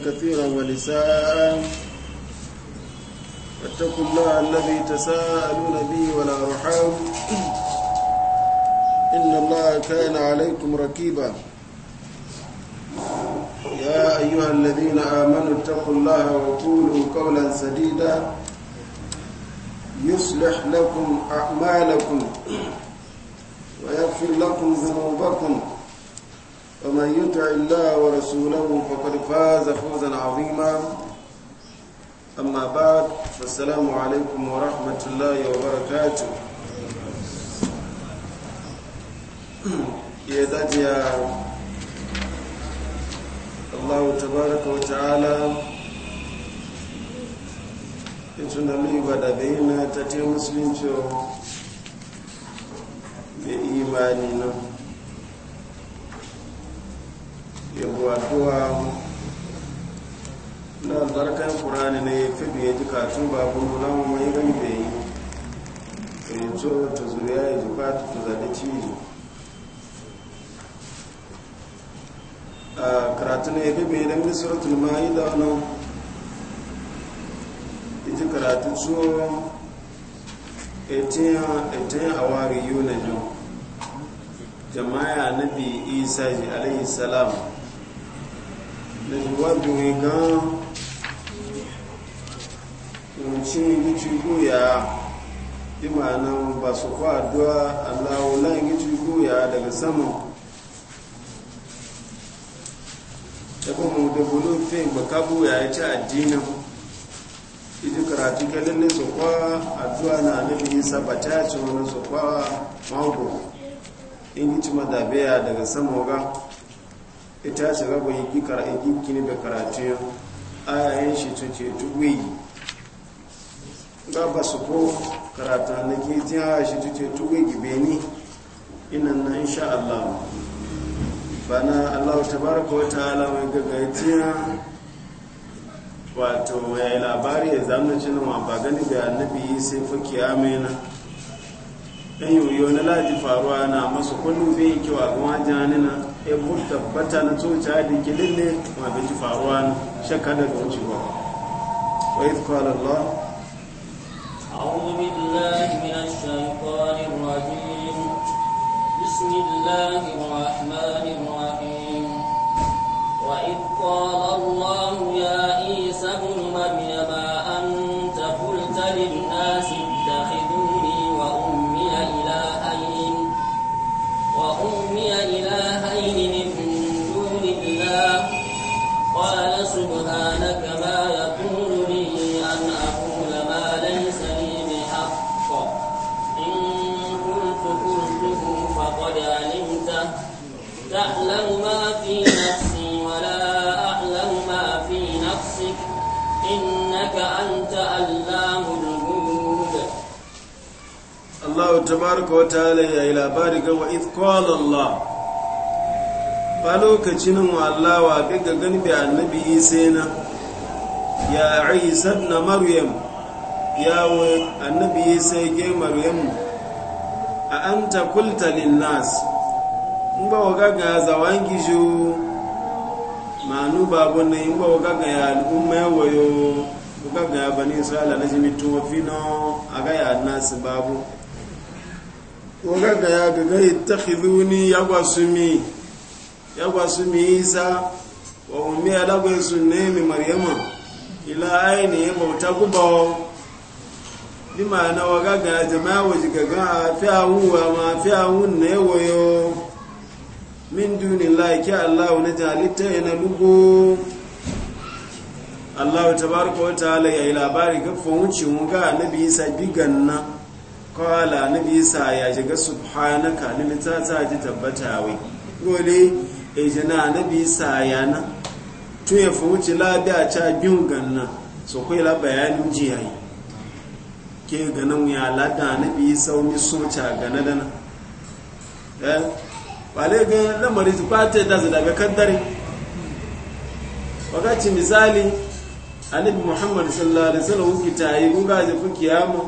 كثيرا ونساء واتقوا الله الذي تساءلون به رحام إن الله كان عليكم ركيبا يا أيها الذين آمنوا اتقوا الله وقولوا قولا سديدا يصلح لكم أعمالكم ويغفر لكم ذنوبكم ومن يطع الله ورسوله فقد فاز فوزا عظيما أما بعد فالسلام عليكم ورحمة الله وبركاته يدد يا الله تبارك وتعالى يتنا لي ودبينا تتي مسلم بإيماننا ya waduwa na zarkan kurani ne fi biye ji katun babu na mai gani bai yi eh, ya zo ta zuriya ya zuba ta zaɗi cizo a karatu ne ga bai da mini yi ma'ida wani iji karatu so etiyan awari yunan jama'a nabi isa alaihi salam da wadu gan mutum gici goya imanin ba su kwa addu'a allawulan gici goya daga sama da kuma da bulufin makabu ya yi ci addinin iji karatu kalin ne su kwa addu'a na nabi isa ba ta yaci wani su kwa mago in gici madabe daga saman ga ita ce gaba yi kikara yi kini da karatun ayayen shi tun ce tuwe gaba su ko karatun na ke jin a shi tun ce tuwe gibe ni inan na insha Allah bana Allah ta baraka wata alama mai gaggaitiya wato ya yi labari ya zama cin wa ba gani da annabi sai fa kiyamena ɗan yoyo na laji faruwa na masu kullu bai kiwa ga wajanina e mu tabbata na tsoca da kilin ne ma bai ji faruwa na shakka daga wucewa wa idh qala allah a'udhu billahi minash shaitanir rajim bismillahir rahmanir rahim wa idh qala allah ya isa tabaraka wa ta'ala ya yi labari ga wa iz qala Allah ba lokacin wa Allah wa bi ga gani annabi Isa na ya Isa ibn Maryam ya wa annabi Isa ge Maryam a anta qulta lin nas in ba wa ga zawangi ju manu babu ne in ba wa ga ya al'umma wayo ga ga bani Isra'ila na jimi tuwa fino aga ya nas babu waga ga ya gaga ittakhiduni yagwa sumi yagwa sumi isa wa ummi adagwe sunne mi maryama ila aini bauta kubo lima na waga ga jama'a waji gaga fi awuwa ma fi awun ne wayo min duni laiki allahu na jalita yana lugu allahu tabaraka wa ta'ala ya yi labari ga fa mun mu ga annabi isa bigan nan kwala na bisa ya shiga subhanaka na ta ji tabbata wai gole e jana na bisa ya na tun ya fi wuce labiya ca biyun ganna su kai la bayanin jiyayi ke ganin ya lada na bisa wani soca gana da na eh, ba le ga lamarin su kwata da su daga kaddare wakaci misali annabi muhammad sallallahu alaihi wasallam kuka yi kuka ji kiyama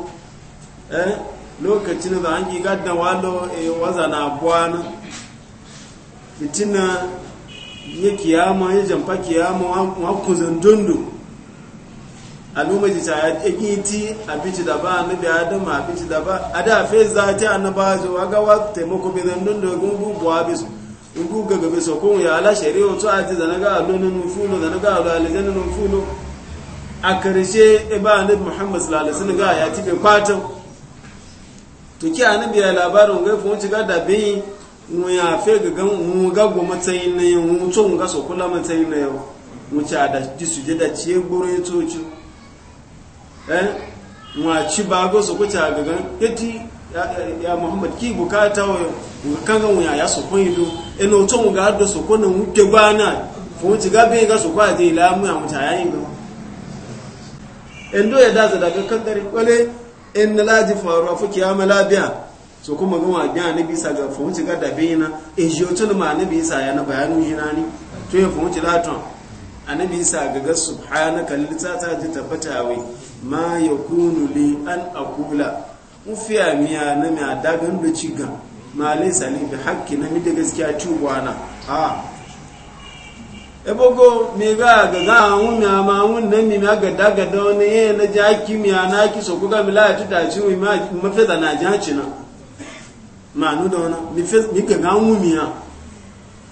eh lokacin da an yi gadda walo e waza na buwana fitina ya kiyama ya jamfa kiyama wa kuzin dundu al'umma ji ta yi a bici da ba adama a bici da ba a da fez za ta annaba zo a ga wa taimako bi zan dundu ga gungun buwa bi su gungun ga bi so kun ya ala shari'a to a ji da na ga alonin nufuno da na ga alalijan nufuno a karshe e ba annabi muhammad sallallahu ga ya tibe kwatan to ki annabi ya labarin ga fun ci gada bin mu ya fe ga mu ga go matsayin ne mu to mu ga so kula matsayin ne mu ci ada di su je da ci goro ya to ci eh mu a ci ba go so ko ci ga gan yati ya muhammad ki bukata wa kan ga mu ya ya so ko ido eno to mu ga do so ko ne mu ke gwa na fun ci ga bin ga so a je la mu ya mu ta yayin ga endo ya da daga kankare wale in na laji faruwa fuki ya mala biya so kuma gama biya na bisa ga fahimci gada bayi na in shi otu ma na bisa ya bayanin shi na ni to ya fahimci latin a na bisa ga gasu hana ta ji tabbata wai ma ya kunu li an akula mufiya miya na miya dagan da gan ma lai sali bi hakki na mi da gaskiya ci na a ah. ebogo me ga ga ga hun na ma hun nan ni ga da ga da ne na ja ki mi ana ki so ku ga mi la ti ta ji mi ma ma fe da na ja chi na ma nu da na mi fe mi ga ga hun mi ya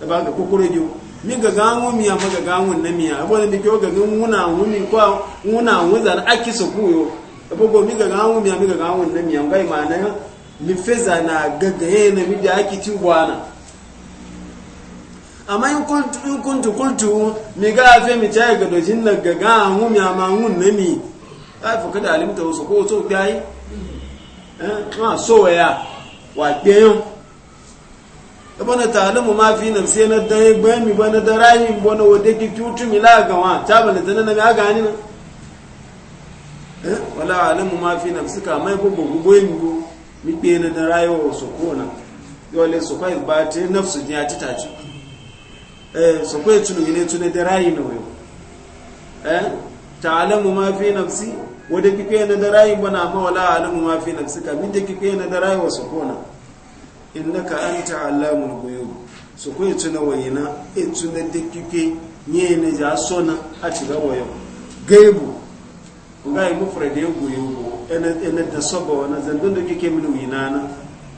e ba ga kokoro ji mi ga ga hun mi ya ma ga ga hun na mi ya ebo ne ki o ga ga hun na hun mi kwa hun na hun za a ki so ku yo ebogo mi ga ga hun mi ya mi ga ga hun na mi ya ngai ma na mi fe za na ga ga ye na mi da ki ti bwana amma in kuntu kuntu mi ga fe mi ta ga dojin na ga ga hu mi ama hu ne mi ai fuka da ta wasu ko to ga yi eh ma so ya wa gbe yon ebo na ta'alimu ma fi nafsi na dan gbe mi bana da darayi bo na wode ki tutu mi la ga wa ta ba na tana na ga ni na eh wala alimu ma fi nafsi ka mai e bo bo bo e mi bo mi gbe na darayi wa so ko na yo le so kai e ba te nafsu ji ya ci ta ci eh so ko tunu ile tunu da rayi na wayo eh ta'lamu ma fi nafsi wada kike na da rayi bana ma wala alamu ma fi nafsi ka min da kike na da rayi wasu kona innaka anta al ghuyub so ko tunu wayina e tunu da kike ne ne ja sona a ci da wayo gaibu ga yi mufrad ya goyi go ene da sobo wana zandun da kike min na,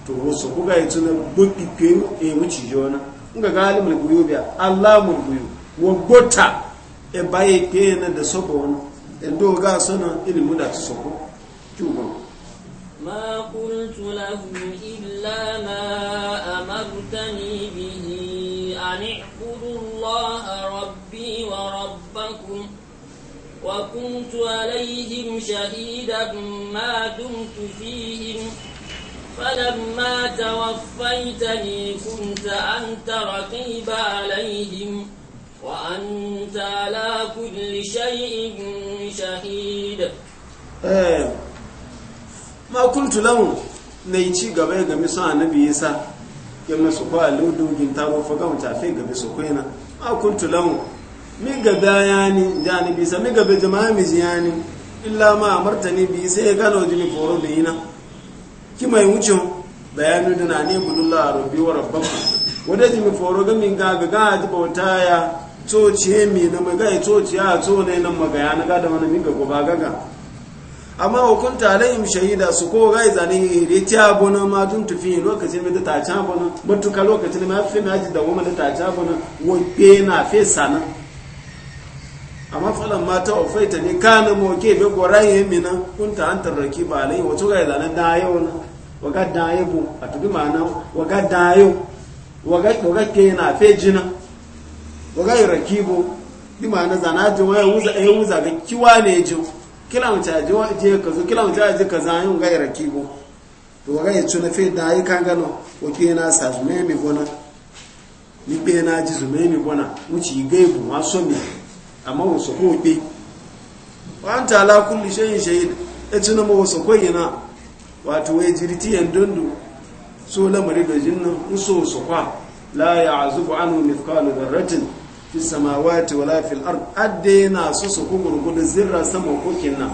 to so ko ga yi tunu bukike e wuci jona nga galimul guyubiya allamul guyu wogota e baye kena da soko wani e doga sana ilimu da soko kyugon ما قلت لهم إلا ما أمرتني به أن اعبدوا الله ربي وربكم وكنت عليهم شهيدا ما دمت فيهم فلما توفيتني كنت أنت رقيب عليهم وأنت على كل شيء شهيد ما كنت لهم نيتي gaba ya gami sun ya masu kwa ludugin taro faga mutafe gabe su kwena a kuntu lahu mi gabe yani da annabi sa mi gabe jama'a mi yani illa ma amartani bi sai ya gano jini foro da na. kima mai wucin bayanu da na ne bulula a rubi wa rabban wadda ji mi gami ga min ga ga ji bauta ya tsoce mi na maga ya tsoce ya tso ne nan maga ya na gada wani minga goba gaga amma hukunta yin shahida su ko gai zane hire ta bona ma tun tufi lokacin mai ta ta bona matuka lokacin mai hafi mai ji da goma ta ci bona wo pe na fe sana amma falan mata ofaita ne kanin mo bai be mina kunta antar ba alayi wato gai zane da yau na waga daye bu a tuki ma'ana waga dayo waga ke na fe jina waga yi raki bu di ma'ana zana ji waya wuza ya wuza ga kiwa ne ji kila mu caji je ka zo kila mu caji ka zan waga yi raki bu to waga yi tuna fe daye kan gano wake na sa zume mi gona ni pe na ji zume mi gona wuce yi gai bu ma so mi amma wasu ko pe wa an ta ala kulli shayin shayin ya tuna ma wasu ko na. wato wai jiriti yan dundu so lamari da jinnan uso su kwa la ya azubu anu mifkalu darratin fi samawati wala fil ard adde na so su ku gurgudu zirra sama kokin nan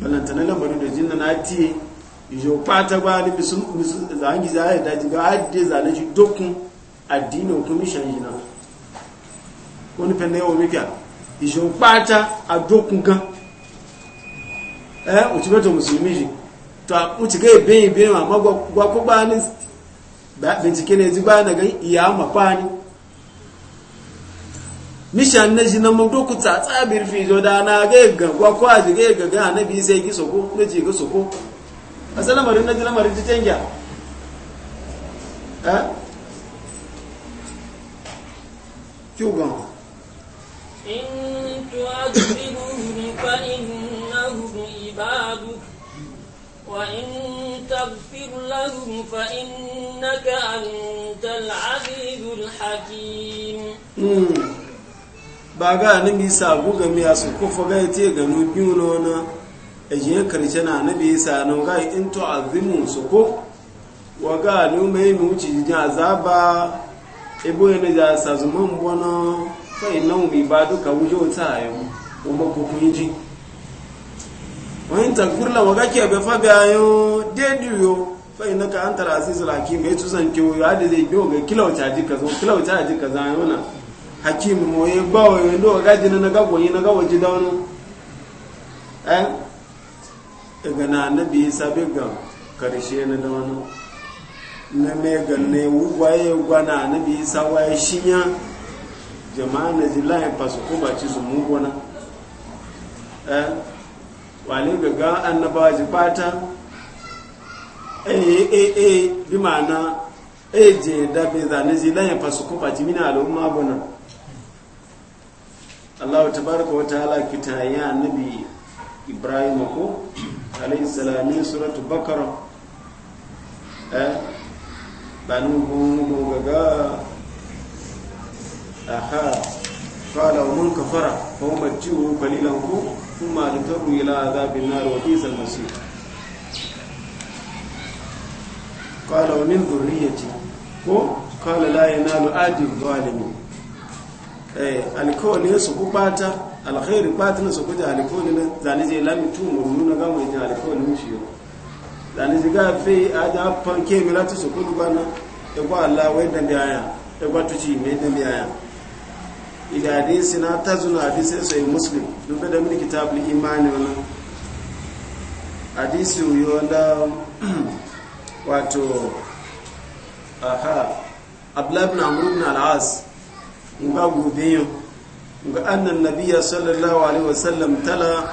balantana lamari da jinnan na ti yi pata ba ni bisu zangi za ya daji ga adde za na ji dokun addinin commission jina wani fenne yawon mika ijo pata a dokun gan eh o ti beto musulmi jina ta a ci ga ibe ibe ma magwagwa ku ba ni bincike ne ji ba na gan iya mafa ni mishan na ji na mudu ku tsatsa birfi zo da na ga ga gwa ko a ji ga ga ga annabi sai ki soko ne ji ga soko asalama rin na ji lamarin ji tangya eh kyugan in tu'adhibuhum fa innahum ibadu وإن تغفر لهم فإنك أنت العزيز الحكيم hmm. baga annabi isa guga miya su kufa ga yace ga nubiyu nona eje karshe na annabi isa no ga in to azimu su ko wa ga nu mai mu ci jin azaba ebo yana ja sa zuman bono fa inna mu ibadu ka wujo ta ayo umma kun ji wani takfurla waga ke bai fabi ayo dediyo fa ina ka antar azizul hakim bai e tusan ke yo hada zai biyo ga kilauta ji kaza kilauta ji kaza yana hakim mo ye bawo ye do ga jina na ga goyi na ga waje da wani eh daga e na annabi isa bai ga karshe na da wani na me ga ne waye na annabi isa waye shinya jama'a na zilahi pasu kuma ba ci su mu gona eh wani gaga ga annabawa ji fata aaa eh, eh, eh, bi ma'ana eje da bai zane ji lan fasu kuma ji mina al'umma gona Allah ta baraka wata halakita ya yi annabi Ibrahim ko alayhi salami suratu bakara eh banu gungu gaga aha qala wa man kafara fa hum qalilan ku ثم لتروا إلى عذاب النار وبئس المصير قال ومن ذريتي قال لا ينال عهد الظالمين alkawalin su ku bata alkhairi batin su ku da alkawalin zane je lami tu mu nuna ga mai alkawalin shi yo zane je ga fe a da panke mi lati su ku dubana e ida hadisi na ta zuna hadisi sai muslim duk da mini kitabul imani wannan hadisi yo da wato aha abdullah ibn amr ibn al-as ga gobe yo ga annan nabiyya sallallahu alaihi wasallam tala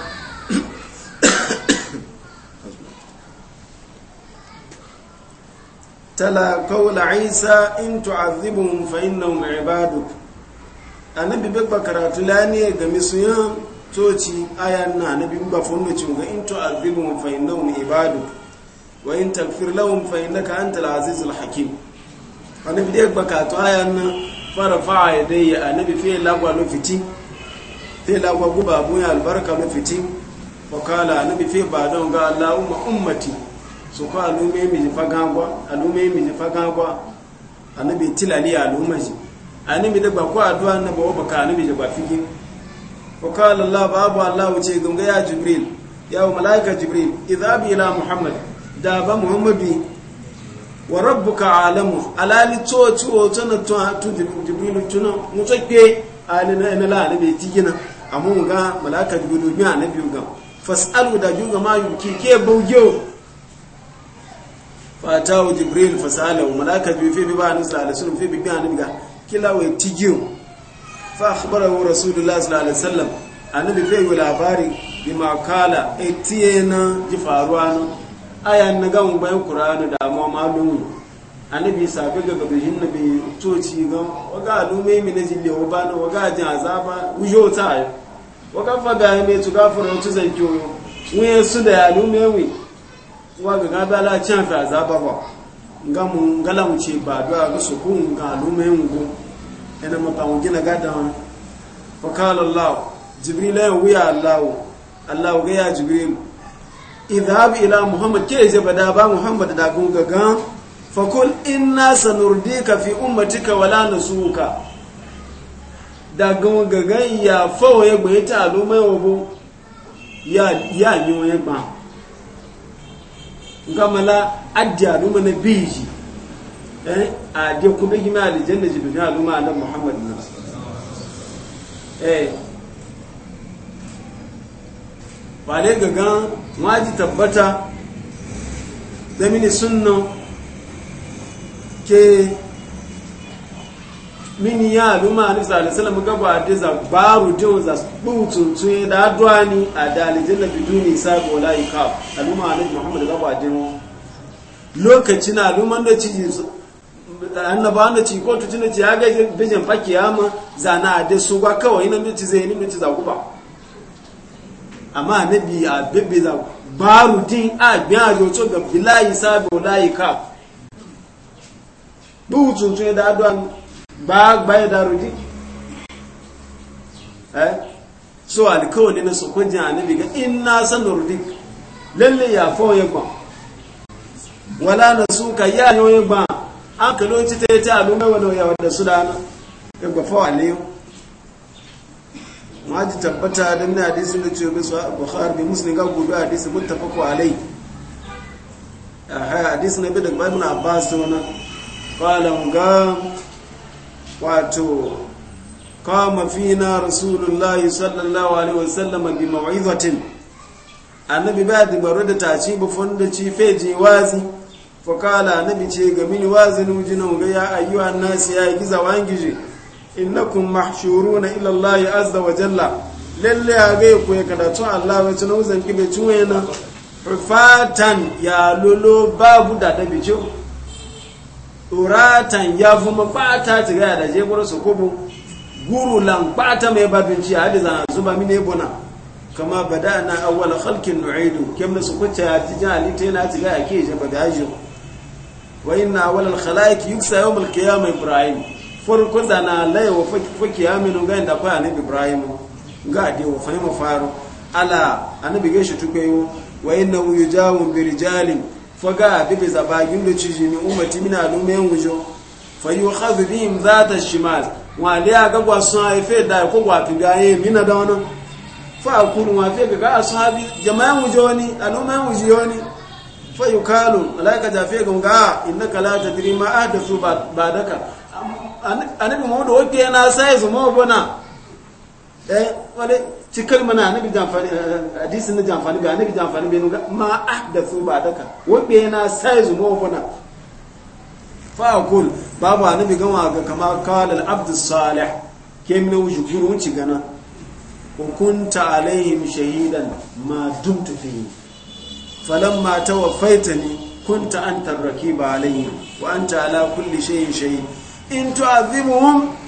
تلا Isa, in إن تعذبهم فإنهم عبادك annabi bai ba karatu lani ga misuyan toci ayan na annabi ba fondo cin ga into azibum fa innahum ibadu wa in taghfir lahum fa innaka antal azizul hakim annabi dai ba karatu ayan na fara dai ya annabi fi lagwa no fiti fi lagwa guba bu ya albarka no fiti wa kala annabi fi ba don ga allahumma ummati su ko alume mi fagangwa alume mi fagangwa annabi tilali alumma ji ani mi ba ko addu'a na ba ba ka ani mi ba fiki wa qala allah babu allah ce gunga ya jibril ya malaika jibril idha bi ila muhammad da ba muhammadu wa rabbuka alamu alali to to to na to to jibril na mu tsakke alina ina la alabe tigina amma ga malaika jibril mi anabi ga fas'alu da juga ma yuki ke bugyo fatahu jibril fasalu malaika jibril fi bi ba anusa sun fi bi ga anabi ga kila wai tigiyo fa akhbarahu rasulullah sallallahu alaihi wasallam annabi bai yi labari bi makala etiye na ji faruwa na ayan na ga mun bayan qur'ani da amma malumu annabi sabe ga gabe hin nabi toci ga waga alume mi na jille wa bana waga jin azaba ujo ta waga faga ne tu gafara tu zanjo wuye su da alume wi waga ga bala cin fa azaba ba nga mu mu ce ba do ga su ku nga lume ngu ina ma ba mu gina da fa kala allah jibril ya wuya allah allah ga ya jibril idhab ila muhammad ke je bada ba muhammad da gun gan fa kul inna sanurdika fi ummatika wala nasuka da gun gan ya fa waye gbe ta lume obo ya ya ni waye gba gamala adiya luma na biji eh a de kuma gima aljanna jibril luma na muhammad eh ba ne gagan waji tabbata zamini sunna ke mini ya aluma ni salisalam gaba da za baru jin za bututu ya da adwani adali dalijin da biduni sabo la yuka aluma ne muhammad gaba da mu lokacin aluma da ci annaba da ci ko tutuna ci ya ga bijin fakiyama zana da su ba kawai nan da ci zai ni ci za guba amma nabi ya bibbe za baru din a biya to ga bilahi sabo la yuka bututu ya da adwani gbagba ya daru jiki eh so alkawali na sokon jin annabi ga in na san lalle ya fa ya gba wala na suka ya yo ya ba, an ka lokaci ta yace alumma wala ya wanda su da na ya gba fa wale ma ji tabbata da na hadisi da ce bi sahih bukhari bi muslim ga gobe hadisi muttafaqu alai hadisi na bi daga ibn abbas to na qala ga wato kama fina rasulullahi sallallahu alaihi wasallama bi maw'izatin annabi ba da baro da taci ba fonda ci feji wazi fa annabi ce ga mini wazi nu jina ga ya ayyuha nasi ya giza wangije innakum mahshuruna ila allahi azza wa jalla lalle ya ga ku ya kada to allah wa tunu zan kibe tuwena fatan ya lolo babu da da turatan ya fuma mafata ta gaya da je gurin su kubu guru lan mai babin a hadi zana zuba mini buna kama badana awwal halkin nu'idu kemna su kuce a cikin halitta yana yana gaya ke je badaji wa inna awwal yi sa yau mulki ya mai ibrahim farko da na lai wa ya minu ga da kwaya annabi ibrahim ga de wa fahimu faru ala anabi gaishe tukwayo wa na yujawu jawon birjalin faga bibi zabagin da ciji min ummati min alumen wujo fayukhadhu bihim ta shimal wa liya ga gwa sun haife da ko gwa fi ga yi min da wani? fa kunu wa fi ga ashabi jama'an wujo ni alumen wujo ni fayukalu malaika jafe ga ga innaka la tadri ma ahdathu ba'daka annabi mu da na sai su mu bona eh wale ci kalma na nabi jamfani eh, hadisin na jamfani ga nabi jamfani be nuga ma ahdathu ba'daka wabe na sai zuwa wana fa kul babu annabi gama ga kama qala al abd salih kemne wuju guru wuci gana wa kunta alaihim shahidan ma dumtu fihi falamma tawaffaitani kunta anta ar-rakiba alaihim wa anta ala kulli shay'in shahid in tu'adhibuhum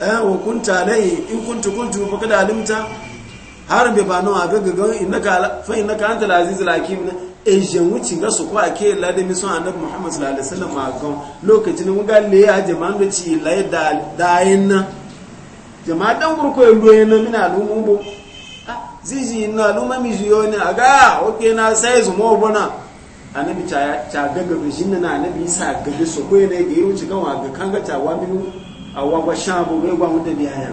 Eh, wa kunta alai in kuntu kuntu fa kada alimta har be ba a abe gagan innaka fa innaka da aziz lakim na e wuce ga su kwa ke la da misun muhammad sallallahu alaihi lokacin le ya jama'an da ci laye dayan na. jama'a dan burko ya doye na mina alumu bo ah, zizi na aluma mi jiyo ne ga oke na sai zuma obona annabi ta ta na annabi isa su ne ga yi kan ga kan Awa gwa shabu bai gwa wanda biya ya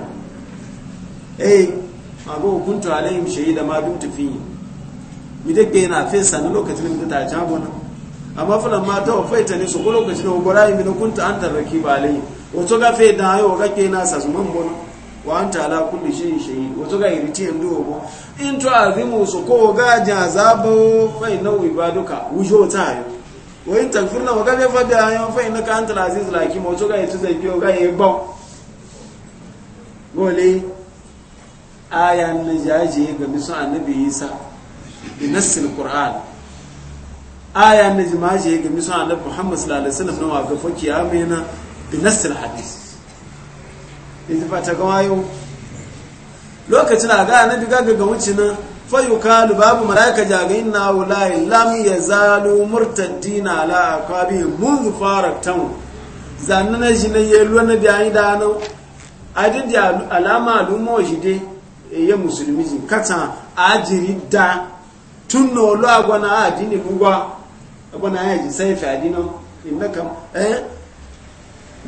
eh abu hukuntu alaihim shahida ma dum tafi mi da ke na fesa na lokacin da ta jabo na amma fulan ma ta wafaita ne su ko lokacin da gora mi da kunta an tarraki ba alai wato ga fe da hayo ga ke na sa su man bon wa anta ala kulli shay'in shahid wato ga iriti en do bo in to azimu su ko ga jazabo fa inna ibaduka wujo tayo wa in takfurna wa gabe fa da yan fa innaka antal aziz laki mo to ga yitu zai biyo ga yi gbau gole ayan na jaji ga bisu annabi isa bi nassil qur'an ayan na jimaji ga bisu annabi muhammad sallallahu alaihi wasallam na wa ga faki na bi nassil hadith idan fata ga yau. lokacin a ga annabi ga ga wuce na fayukalu babu malaika jagayin na wulayi lam ya zalo murtaddina ala akabi munzu fara tan zanen na shi na yelo na biyayi da nan adin da alama al'umma shi dai ya musulmi ji kata ajiri da tun na olu agwana a adini gugwa agwana ya ji sai fi adino inda kam eh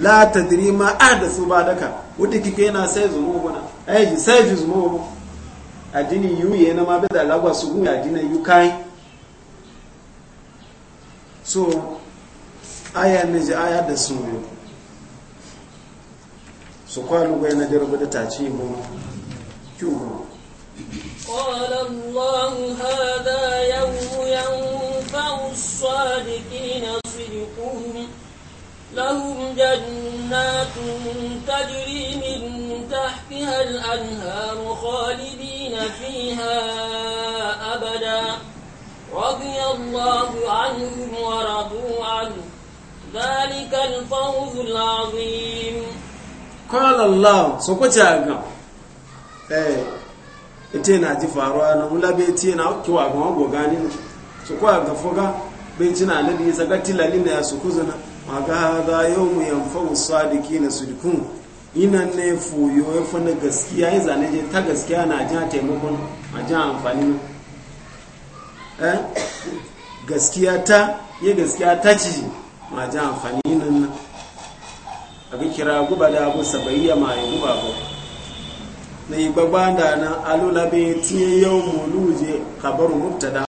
la tadrima ahdathu ba'daka wadda kike yana sai zuwa gwana eh sai fi zuwa adini yu ye na ma be da lagwa su hu adina yu kai so aya ne je aya da su yo so kwa lu ga na da rubu da taci mu kyu mu qala allah hada yawm yanfa'u as-sadiqin lahum jannatun tajri min تحتها الأنهار خالدين فيها أبدا رضي الله عنهم ورضوا عنه ذلك الفوز العظيم قال الله سكوتا eh ite na ji faruwa na mula bai ce na kiwa ga wago gani su kuwa ga fuga bai na nabi ya zaga tilalin da ya su kuzuna ma ga za yau mu yamfa wasu sadiki na sudikun ina ne foyo ya fana gaskiya ya zane je ta gaskiya na jan taimakon a jan amfani eh gaskiya ta ya gaskiya ta ci ma jan amfani nan nan a kira guba da abu sabayya ma yi guba ba na yi gbagba da nan alola bai tiye yau mu luje kabaru mubtada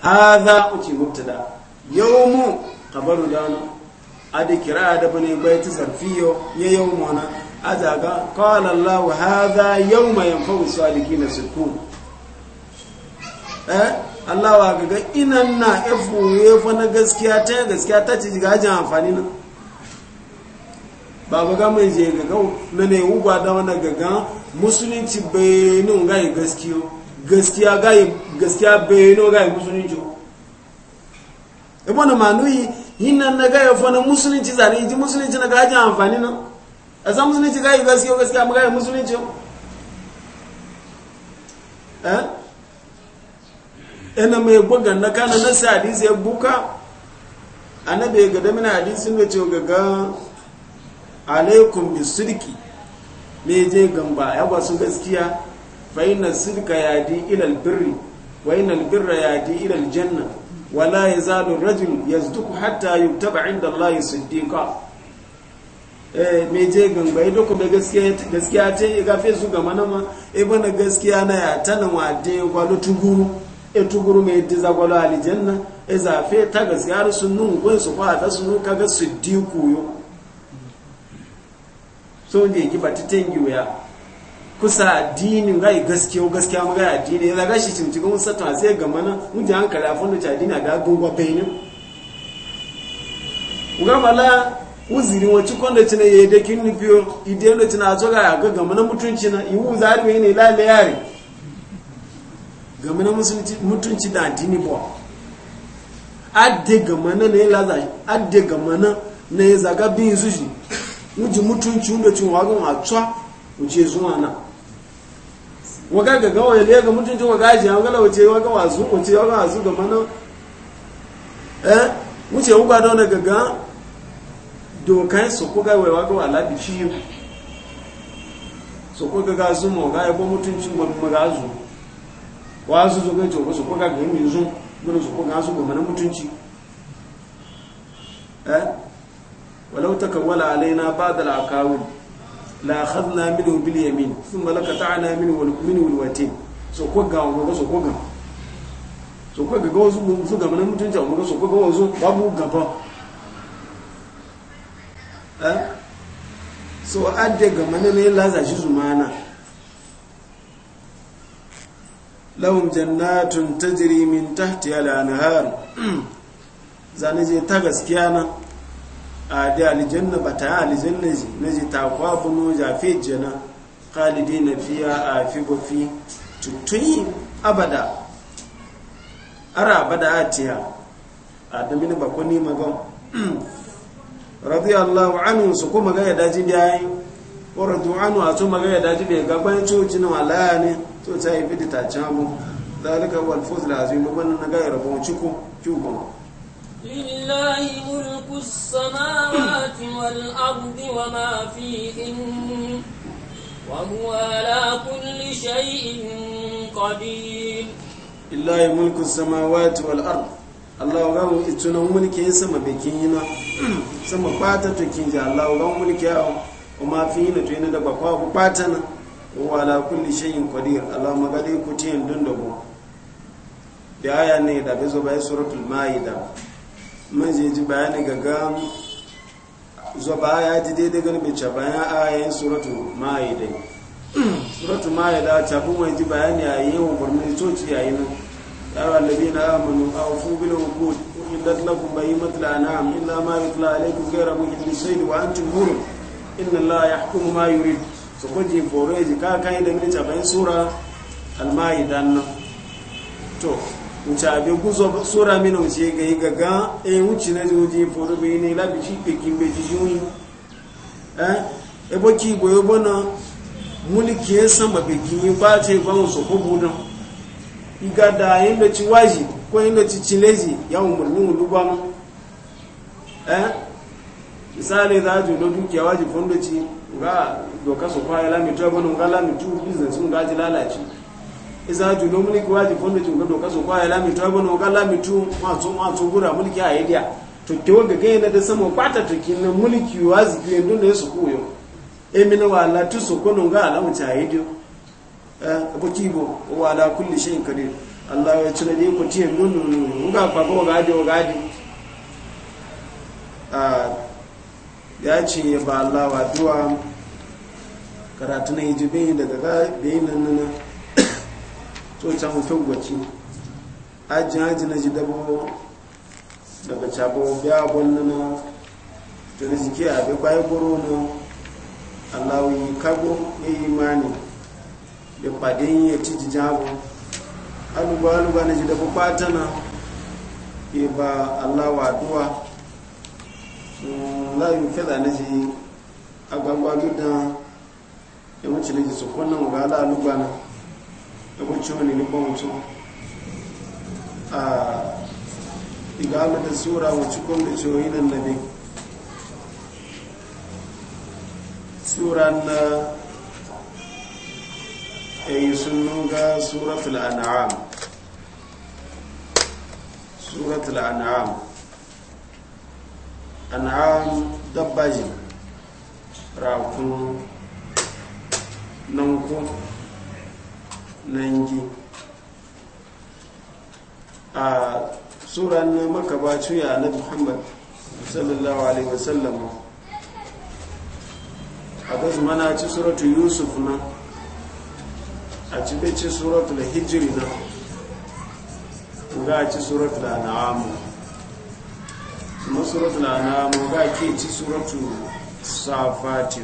hadha uki mubtada yau mu kabaru da nan a da kira da bane bai ta zarfiyo ya yau mu nan ajaga qala allah hadha yawma yanfa'u na sukun eh allah wa ga inan na efu efu na gaskiya ta gaskiya ta ci ga jin amfani na babu ga mai je ga na ne ugwa da wani gaga musulunci bayanu ga gaskiyo gaskiya ga yi gaskiya bayanu ga musulunci ibona yi, hinan na ga yafa na musulunci zane ji musulunci na ga jin amfani na a san musulunci gayi gaskiya gaskiya mu gayi musulunci eh ina mai gwagan na kana na sa hadisi ya buka annabi ga da mina hadisi da ce gaga alaikum bi sirki me je gamba ya ba su gaskiya fa ya sidka ilal birri? albirri wa birra ya di ilal janna? wala yazalu rajul yazduku hatta yuktaba inda allahi siddiqa Eh, mai je gangba ido kuma gaskiya ce ya gafe su gama nama ya eh, na gaskiya na ya tana wade kwalo tuguru e tuguru mai diza gwalo alijanna ya zafe ta gaskiya da sun nun gun su kwa ta sun ga su diku yo so ne ki bati yi wuya kusa addini ga gaskiya gaskiya ma ga addini ya zaga shi cimci gun sata sai gama na mun hankali a fonu ta addini ga gungwa bayanin. Gama bala uziri wacce kwanda cina ya yi dakin nufiyo idiyar da cina zo ga ga gama na mutunci na yi wuza har mai ne lalai yare gama na mutunci da addini ba adde gama na ya laza adde gama na na ya zaga bin zuji muji mutunci wanda cin wagon a tsa wuce zuwa na waga ga gawa ya ga mutunci waga ji ya gala wuce waga wazu wuce waga wazu gama na eh wuce wuga don daga gaga dokan su kuga wai waga wala bi su kuga ga su mo ga yabo mutuncin mu ga zu wa su zo ga ga yin zu mun su kuga su goma na mutunci eh walau takawwala alaina ba'd al-aqawil la akhadna minhu bil yamin thumma laqata'na minhu wal minhu wal watin so kuga ga so kuga so ga su su na mutunci amma so kuga wa zu babu gaba Eh? so adde ga manene laza shi zumana lahum jannatun tajri min tahtiha al-anhar zane je ta gaskiya na a da na ba ta aljanna ji na ji ta kwafu no jafe jana na fiya a fi bafi tutun abada ara abada atiya a da mini bakoni magan radiyallahu anhu su kuma ga yadda ji yayi wa radu'anu a su maga yadda ji bai gaban coci na walaya ne to ta yi fidi ta camu dalika wal fuzl azim ban na ga rabon لله ملك السماوات والأرض وما فيهن وهو على كل شيء قدير لله ملك السماوات والأرض Allah ga mu mulki mulkin sama bikin yana sama kwata to kinji Allah ga mulki ya kuma fi yana to yana da bakwa ku kwata na wa ala kulli shay'in qadir Allah magadi ku tiyan dun da ku da aya ne da bezo bai suratul maida mun je ji bayani gaga zo ba ya ji daidai ganin bice bayan ayoyin suratul maida suratul maida ta kuma mai ji bayani a yayin umarnin toci yayin nan يا الذين آمنوا أوفوا بالعقود أحلت لكم بهيمة الأنعام إلا ما يطلع عليكم غير محل الصيد وأنتم حرم إن الله يحكم ما يريد سكوجي فوريجي كا كاي da mini tabayin sura al-maidan nan to wuce abin guzo sura mini wuce ga yi gaga e wuce na joji foro bai ne labi shi pekin bai ji yuni eh ebo ki boyo bona mulki ya sama pekin ba ce ba mu so ko budan iga da yin da ci waji ko yin da ci cilezi ya umarni wulu ba eh misali za a jodo dukiya waji fondo ci ga doka su kwaya lamitu ya gwanin ga lamitu business sun gaji lalace isa jodo mulki waji fondo ci ga doka su kwaya lamitu ya gwanin ga lamitu masu masu gura mulki a idiya to ke wanda ganye na da sama kwata to na mulki wazi biyan don da su koyo emina wala tu su kwanin ga alamu ta idiya ko kibo wa kulle kulli shay'in qadir Allah ya ci ne ko tiye gunnu ga fa ko ga ade ga ji a ya ce ba Allah wa duwa karatu na hijibin daga ga bayin nan nan to ta mu tawwaci ajin ajin na ji dabo daga cabo biya bonnana to ne jike a bai bai goro no Allah yi kago yi imani pàdé yín ẹtí jíjá bọ alùgbà alùgbà ní ìjìdẹ púpá tánà ìbà aláwà àdúwà láyé fẹ́lá ní ti agbagba gídán ẹwọ́n tí lè jì sọ̀kọ́ náà wà láàlúgbà yi sun ga suratul an'am suratul an'am an'am dabbaji rakun nan ji a tsoron na makabacin ya na muhammad sallallahu alaihi wasallam a zuma mana ci suratu yusuf na a ci bai ci suratul hijri na ga ci suratul an'amu kuma suratul an'amu ga ke ci suratul safati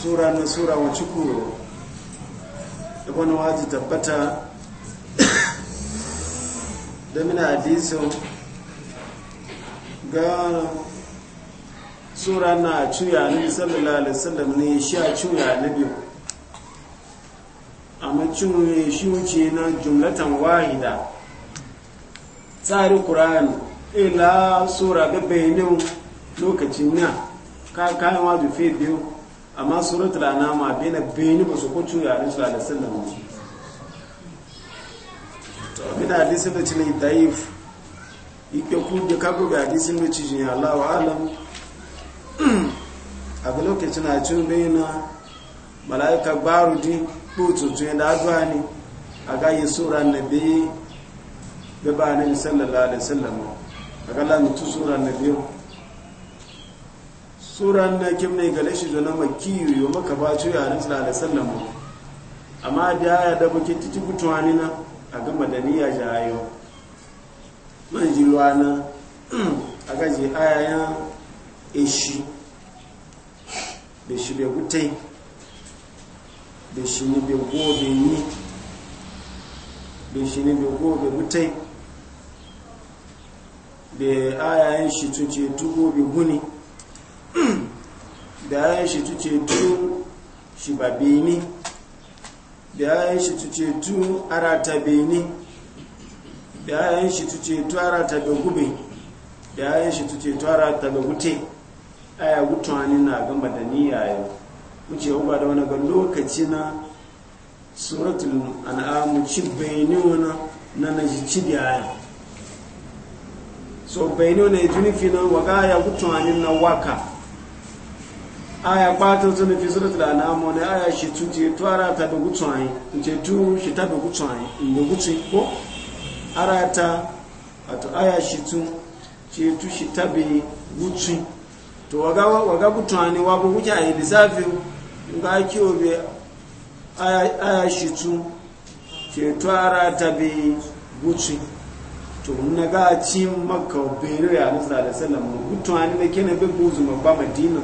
sura na sura wacce kuro da wani waji tabbata da mina hadisin ga sura na cuya nabi sallallahu alaihi wasallam ne a cuya na biyu amma cin shi wuce na jumlatan wahida tsari ƙura'an ila sura babbainin lokacin na kayan wa fi biyu amma suratul anama bai na benin ba su kucu yare su da sallam to bina hadisin da cin daif ike ku da kago ga hadisin da cin Allah wa alam a lokacin na cin bayina malaika barudi ɗututun ya dazuwa ne a gayin tsoron na biyu da ba na sallallahu alaihi wasallam a gala mutu tsoron na biyu tsoron na kim ne gale shi zo na makiyu yo maka ba ci ya rinsu alaihi amma da ya da buke titi kutu ne na a ga ji ayo man ji ruwa na a gaji ayayen eshi da shi bai gutai da shi ne bai gobe ni da shi ne bai gobe mutai da ayayen shi tuce tu gobe guni da ayayen shi tuce tu shi ba beni da ayayen shi tuce tu arata beni da ayayen shi tuce tu arata gube da ayayen shi tuce tu arata gute aya gutuwa ne na gama da niyya yau wuce ba da wani ga lokaci na suratul al'amu ci bayani wani na na ji ci biya so bayani wani juni fi na waga ya gutumanin na waka aya kwata zuni fi suratul an'amu wani aya shi tuti tuwara ta da gutumanin ce tu shi ta da gutumanin inda gutu ko ara ta wato aya shi tu ce tu shi ta bi gutu to waga waga gutumanin wabu wuce a yi lissafi nga kiwo be aya shitu ke twara ta be to na ga ci maka bere ya nisa da sallama gutu an ne kenan be buzu ma ba madina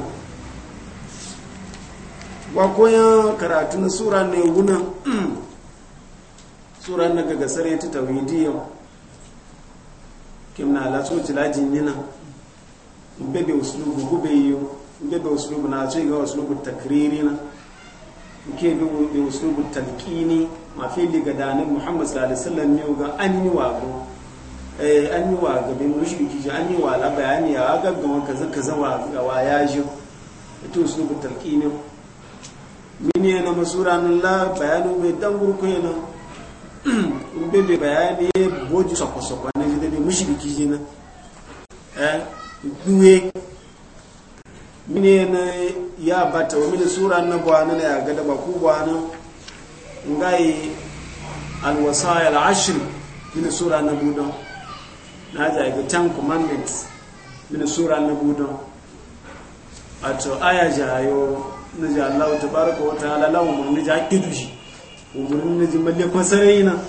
wa koya karatu na sura ne wuna sura na gaga sare ta tawhidiyya kimna la so tilajin nina bebe uslubu kubeyo nke da usulubu na ce ga usulubu takiriri na nke da usulubu talqini ma fi liga ga annabi Muhammad sallallahu alaihi wasallam e, yau ga an yi wa go eh an yi wa ga bin ki ji an yi wa la bayani ya ga ga kaza kaza wa ga wa ya ji to usulubu talqini mini yana masura nan la bayanu bai dan gurku yana ube bai bayani boji sokosokwa na jide mushi ki ji na eh duwe mine na ya bata wa mine sura na bwana na ya gada ba ku bwana ngai alwasaya al'ashir mine sura na buda na ja ga ten commandments mine sura na a to aya jayo na ja Allah tabaraka wa ta'ala lawu mun ja kidushi umurin na ji malle na.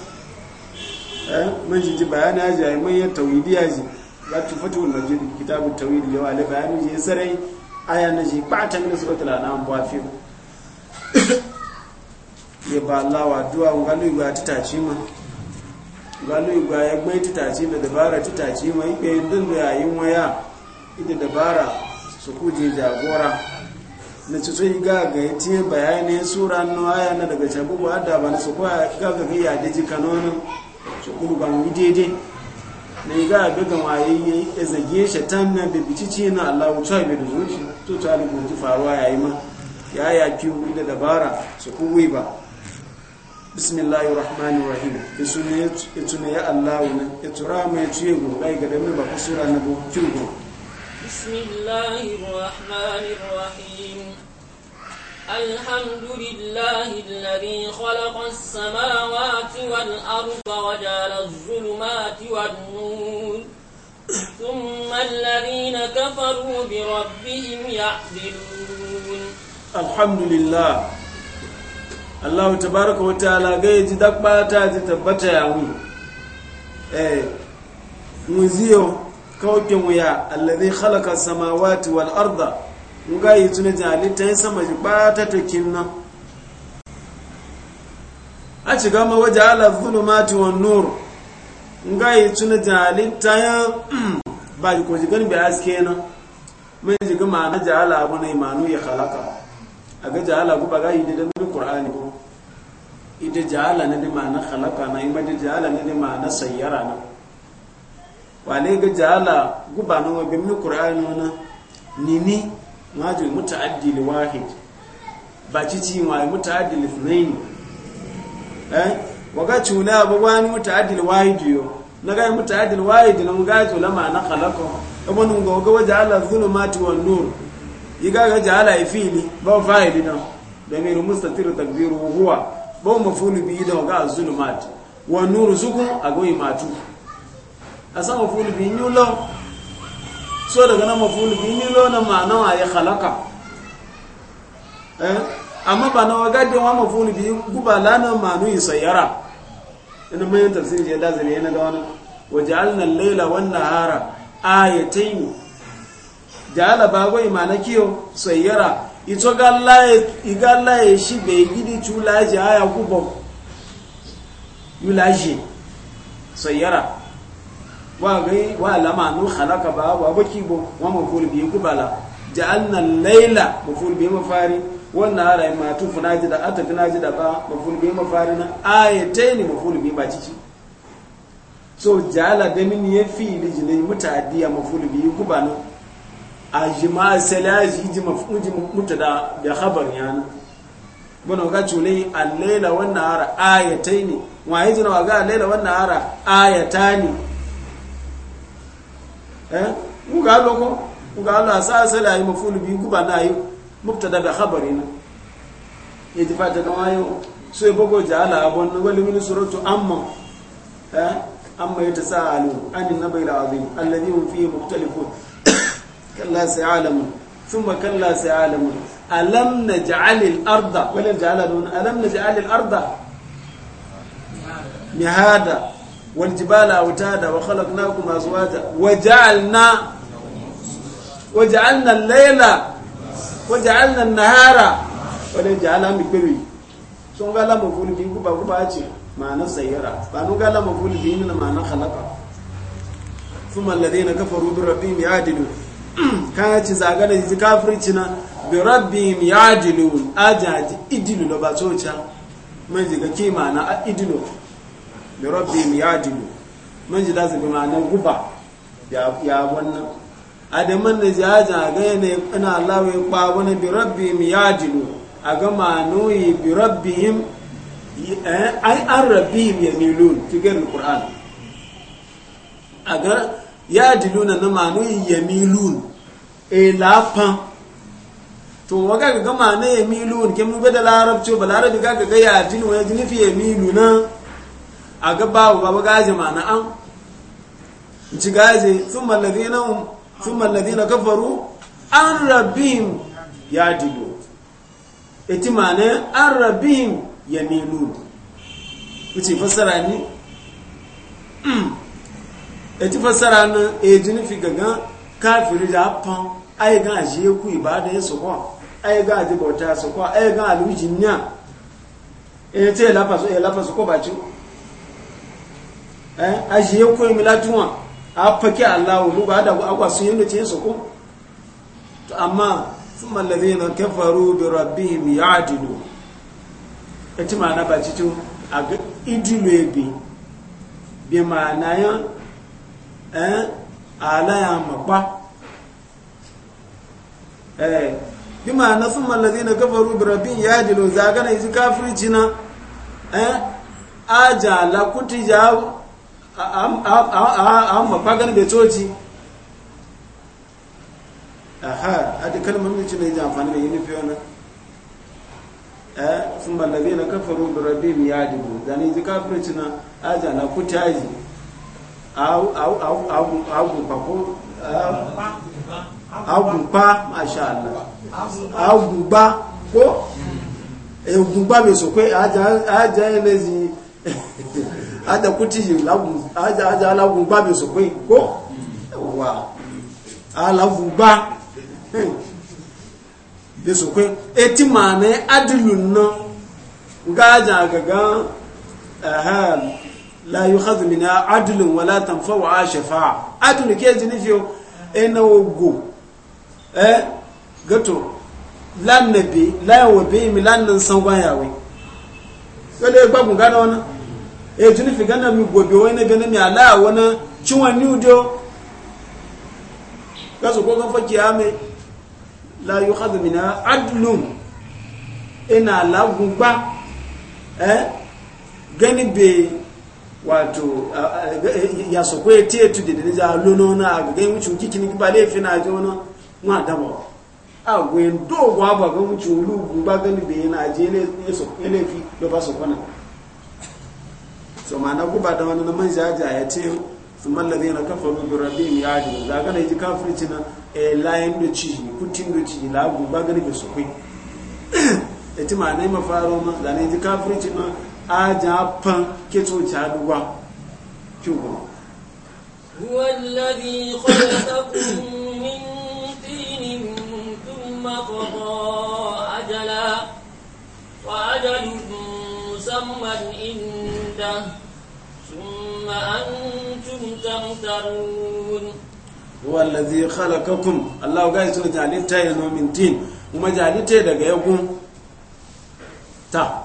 eh mun ji bayani ajayi mun ya tawhidi aji ba tufatu wal majid kitabu tawhid yawa le bayani ji sarai aya na ji kpata mini suka tala na ambuwa fi ya ba wa duwa ngalu igba ci ma ngalu igba ya gbai titaci da dabara ci ma ikpe dun da yayin waya ita dabara su je jagora na ci sun ga ga tiye bayani sura no aya na daga cagugu da ba na su kwa ga ga ya daji kanonin su kurban daidai na yi ga ga waye ya ya zage shi ta na da ce na Allah wuce bai da zuci to ta da gudu faruwa ya yi ma ya yi ya wuri da dabara su kuwi ba bismillahi rahmanu rahim ya suna ya tuna ya Allah ya tura mai tuye gurbai ga da ba kusura na bukukin kiwo bismillahir rahmanir rahim الحمد لله الذي خلق السماوات والأرض وجعل الظلمات والنور ثم الذين tabaraka wa ta'ala ga yi da ba ta ji tabbata ya eh, mu eh muziyo kawkin wuya allazi khalaqa samawati wal arda nga yi tuni jali ta yi sama ji ba ta kinna a ci gama waje ala mati wa nur nga yi tuni jali ta mm, yi ba ji kwaji gani bai haske na mai ji gama na ala abu na imanu ya halaka a ga jala ala ba ga yi didan mini kur'ani ko ita jala ne da ma'ana halaka na ima da ala ne da ma'ana sayyara na wale ga ala guba na wa bin kur'ani na nini maji mutaaddi li wahid ba cici wa mutaaddi li thnain eh waga cuna ba wani mutaaddi li wahid yo na ga mutaaddi li wahid na muga chula ma na khalaqa abun ga waga waja ala dhulumati wan nur yiga ga jala ifili ba fa'ili na damiru mustatir takdiru huwa ba mafulu bi da waga dhulumati wan nur sukun agoyi matu asa mafulu bi nyulo so daga nan mafuli bi ni lo na ma'ana wa ya khalaqa eh amma ba na waga da wa mafulu bi guba la na yi sayara ina mai tafsiri je da zane na ga wani waja'alna al-layla wan nahara ayatayn ja'ala ba go imana kiyo sayara ito galla iga e shi be gidi chula ji aya kubo yulaji sayara wa gai wa lama nu khalaqa ba wa baki bo wa maful ku bala ja'alna al-layla maful bi mafari wa nahara ma tufuna ji da atafina ji da ba maful bi mafari na ayatayn maful bi ba cici so ja'ala da min ya fi li jine mutadiya maful bi kubana ajma salaji ji maful ji mutada da khabar yana bana ga cule al-layla wa nahara ayatayn wa yajna wa ga al-layla wa nahara ayatani eh muga loko muga la sa sala yi mafulu bi kuba na yi mubtada da khabari na yaji fata da wayo so e bogo jala abon no wali min suratu amma eh amma yatasaalu anin nabil azim alladhi hum fihi mukhtalifun kalla sa'alamun ثم كلا سيعلمون arda نجعل الأرض ولم نجعل ألم نجعل arda مهادا والجبال أوتادا وخلقناكم أزواجا وجعلنا وجعلنا الليل وجعلنا النهار ولجعلها مكبري sun ga lama kulbi guba guba ce ma'ana sayyara ba nun ga lama kulbi ne ma'ana khalaqa kuma alladhina kafaru bi rabbihim ya'dilu ka ci zaga da ji kafirci na bi rabbihim ya'dilu ajaji idilu da ba tsoca mai jiga ke ma'ana idilu da rabbihim ya'dilu mun ji dazu bi ma'anar guba ya wannan adaman da jaja ga ne ina lawe kwa wani bi rabbihim ya'dilu a ga ma'anoyi bi rabbihim ai an rabbihim yamilun cikin alquran a ga ya'diluna na ma'anoyi yamilun e lafan to waga ga gama na ya milu ke mu bada larabci ba larabi ga ga ya jini ya jini fi ya milu a babu babu gaji ma'ana an ci gaji sun mallazi na sun mallazi na kafaru an rabin ya dido iti mana an rabin ya nilo wuce fassara ni iti fassara na ejini fi gagan kafiri da hapun ai ga ajiye ku ibada ya sokwa ai ga ajibauta sokwa ai ga alujin ya ya lafa su ba ciwo Eh, ajiye koyi milatuwa a fake allahu luba da agwa sun yin da ce su ko amma sun mallabe na kafaru bi rabbihim ya adilu ya e ci ma'ana ba ci cin a ga idilu ya e bi bi ya ma eh, alaya maba eh, bi ma'ana sun mallabe na kafaru bi rabbihim ya adilu zagana isi kafirci na ajala kuti jawo an mafagar da coci aha a da kalmar mace na yi amfani da yini nufi wani sun eh, ballabe na kafaru da rabbi mu ya dubu zane ji kafirci na aja na kutaji agugba masha Allah agugba ko egugba eh, mai so pe aja elezi ada kuti yi lagun aja aja lagun gba mi sopin ko wa alagun gba bi sopin eti ma ne adilun na ga aja gagan ahem la yukhadhu min adlun wala tanfa'u shafa'a adlu ke jini fi ena ogo eh gato lan nabi la wa bi mi lan nan san gwan yawe kale gbagun gana wannan e tuni fi gana mi gobe na gana mi ala wani ciwon ni ujo kasu ko kan faki ame la yi hazu mina adlum ina lagun gba eh gani be wato eh, ya so ko eti etu de ni ja lono na agaga yin wucin kikini ba le fi na jo na mu adama agwe ndo gwa ba ga wucin olugun ba gani be na je ele fi lo ba so kona so ma'ana guba da wani man jaja ya ce su mallabi na kafa rubi ya ji za ga na ji kafirci na eh, layin da ci kutin da ci ba gani ga su ya ci ma'ana yi mafaro ma da na ji kafirci na a jafan keto ta duwa kyuwa هو الذي خلقكم من inu. بغتة ثم أنتم تمترون هو الذي خلقكم الله قال سنة جعلتها يزنو من تين وما جعلتها دقا يقوم تا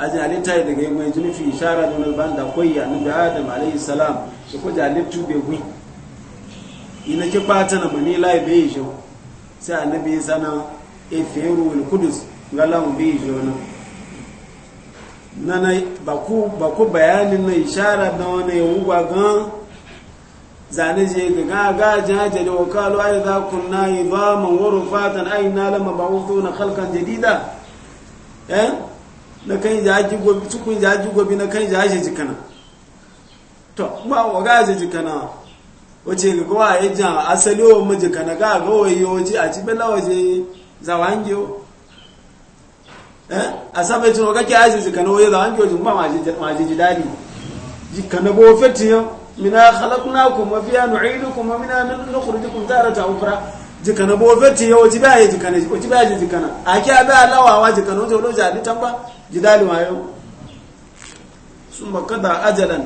أجعلتها دقا يقوم يجني في إشارة من الباندة قوية نبي آدم عليه السلام سكو جعلتها بيقوم ina ki bata na mani lai bai shi sai annabi sana efe ruwul kudus ga lamu bai shi wannan nana baku baku bayanin na ishara da wani yawu ba gan zane je ga ga ga jaje da wakalu ai za kunna idaman wa rufatan ai na lama ba'uthu na khalqan jadida eh na kan jaji gobi tukun jaji gobi na kan ji jikana to ba wa gaje jikana wace ga kowa ya jan asali wa majikana ga ga wayo ji a ci bela waje zawangiyo Eh? a sabe tun ga ke na kana waye zan ke jumma maji maji jidali ji kana bo fetiyo mina khalaqnakum wa fiha nu'idukum wa mina nukhrijukum tarata ukhra ji kana bo fetiyo ji ba ji kana ji ba ji na a ke ba lawa wa ji kana jo ja ni tamba jidali wayo summa da ajalan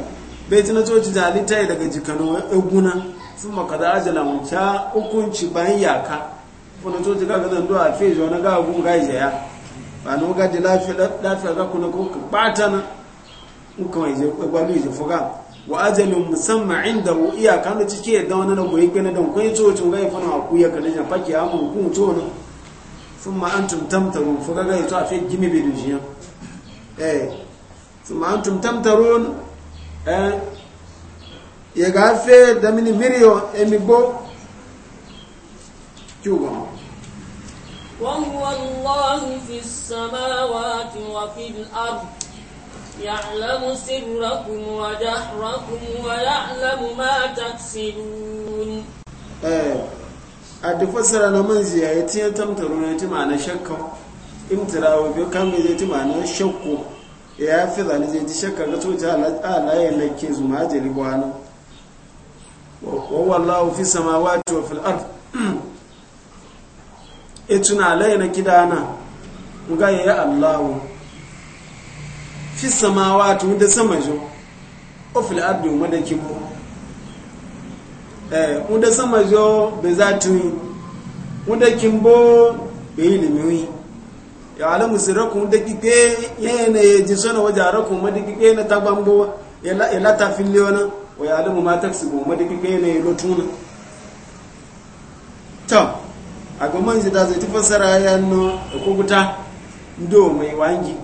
bai tuna coci jali tai daga jikano eguna summa da ajalan wuce hukunci bayan yaka wani coci kaga zan do a fejo na gagun gaije ya ana oga di lafiya bata na kuma ije fuga wa ajalin musamman inda iya kan da cike da wani na goyi don kun yi fake a mun kun sun ma an fuga a fi gimi bai dujiya eh sun ma an ya da mini emigbo وهو الله في السماوات وفي الأرض يعلم سركم وجهركم ويعلم ما تكسبون eh, a tafasara na manzi ya yi ya tamtaro na ti ma'ana shakka imtirawo biyu kan ga zai ti ma'ana shakku ya fi zane zai ji shakka ga tsoci alayen lake zuma ajiyar gwanon wawan lawo samawa wa filar? ituna laina kidana nga ya Allahu fi samawati wanda sama jo o fil ardi wanda kibo eh wanda sama jo be zati wanda kimbo be ilimi ya alamu sirrakum wanda kike yana yaji sona wajarakum wanda kike na tabambo ya la ta filiona wa ya alamu ma taksibu wanda kike yana lotuna to akwai man da zai ti fassara ya no kukuta ndo mai wangi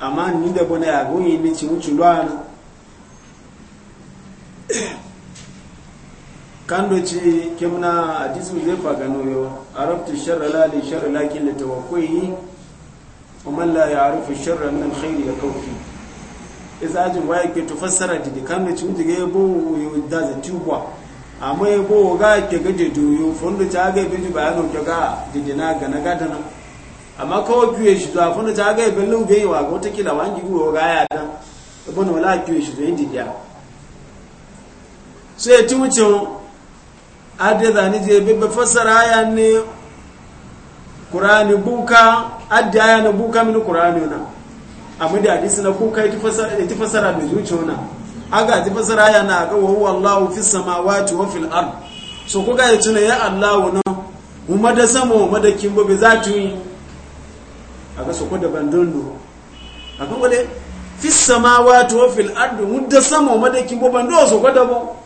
amma ni da bane ya goyi ni ci mutu lwana kando ci kemna disu zai fagano yo arabtu shara lalai, shara sharra lakin li yi. wa man la ya'rifu sharra min alkhair yakawfi iza ajin waye ke to fassara didi kando ci mutu ga yabo yo da zai tubwa amma ya bo ga ke ga de doyo fondo ta ga be ba no ke ga de na ga na ga da amma ko kiwe shi da fundu ta ga be lu yi wa ta kila wangi go ga ya da ibn wala kiwe shi da indi ya sai tu adi ade da ni je be fassara ya ne qur'ani buka ade ya na buka min qur'ani na amma da hadisi na buka ti fassara da zuciya na haka ti fasara ya na ga wahu Allah fi samawati wa fil ard so ku ga yace ya Allah nan kuma da sama wa da kimbo be za tu aga so ku da bandon do aga wale fi samawati wa fil ard mu da sama madakin ba kimbo bando so ku da bo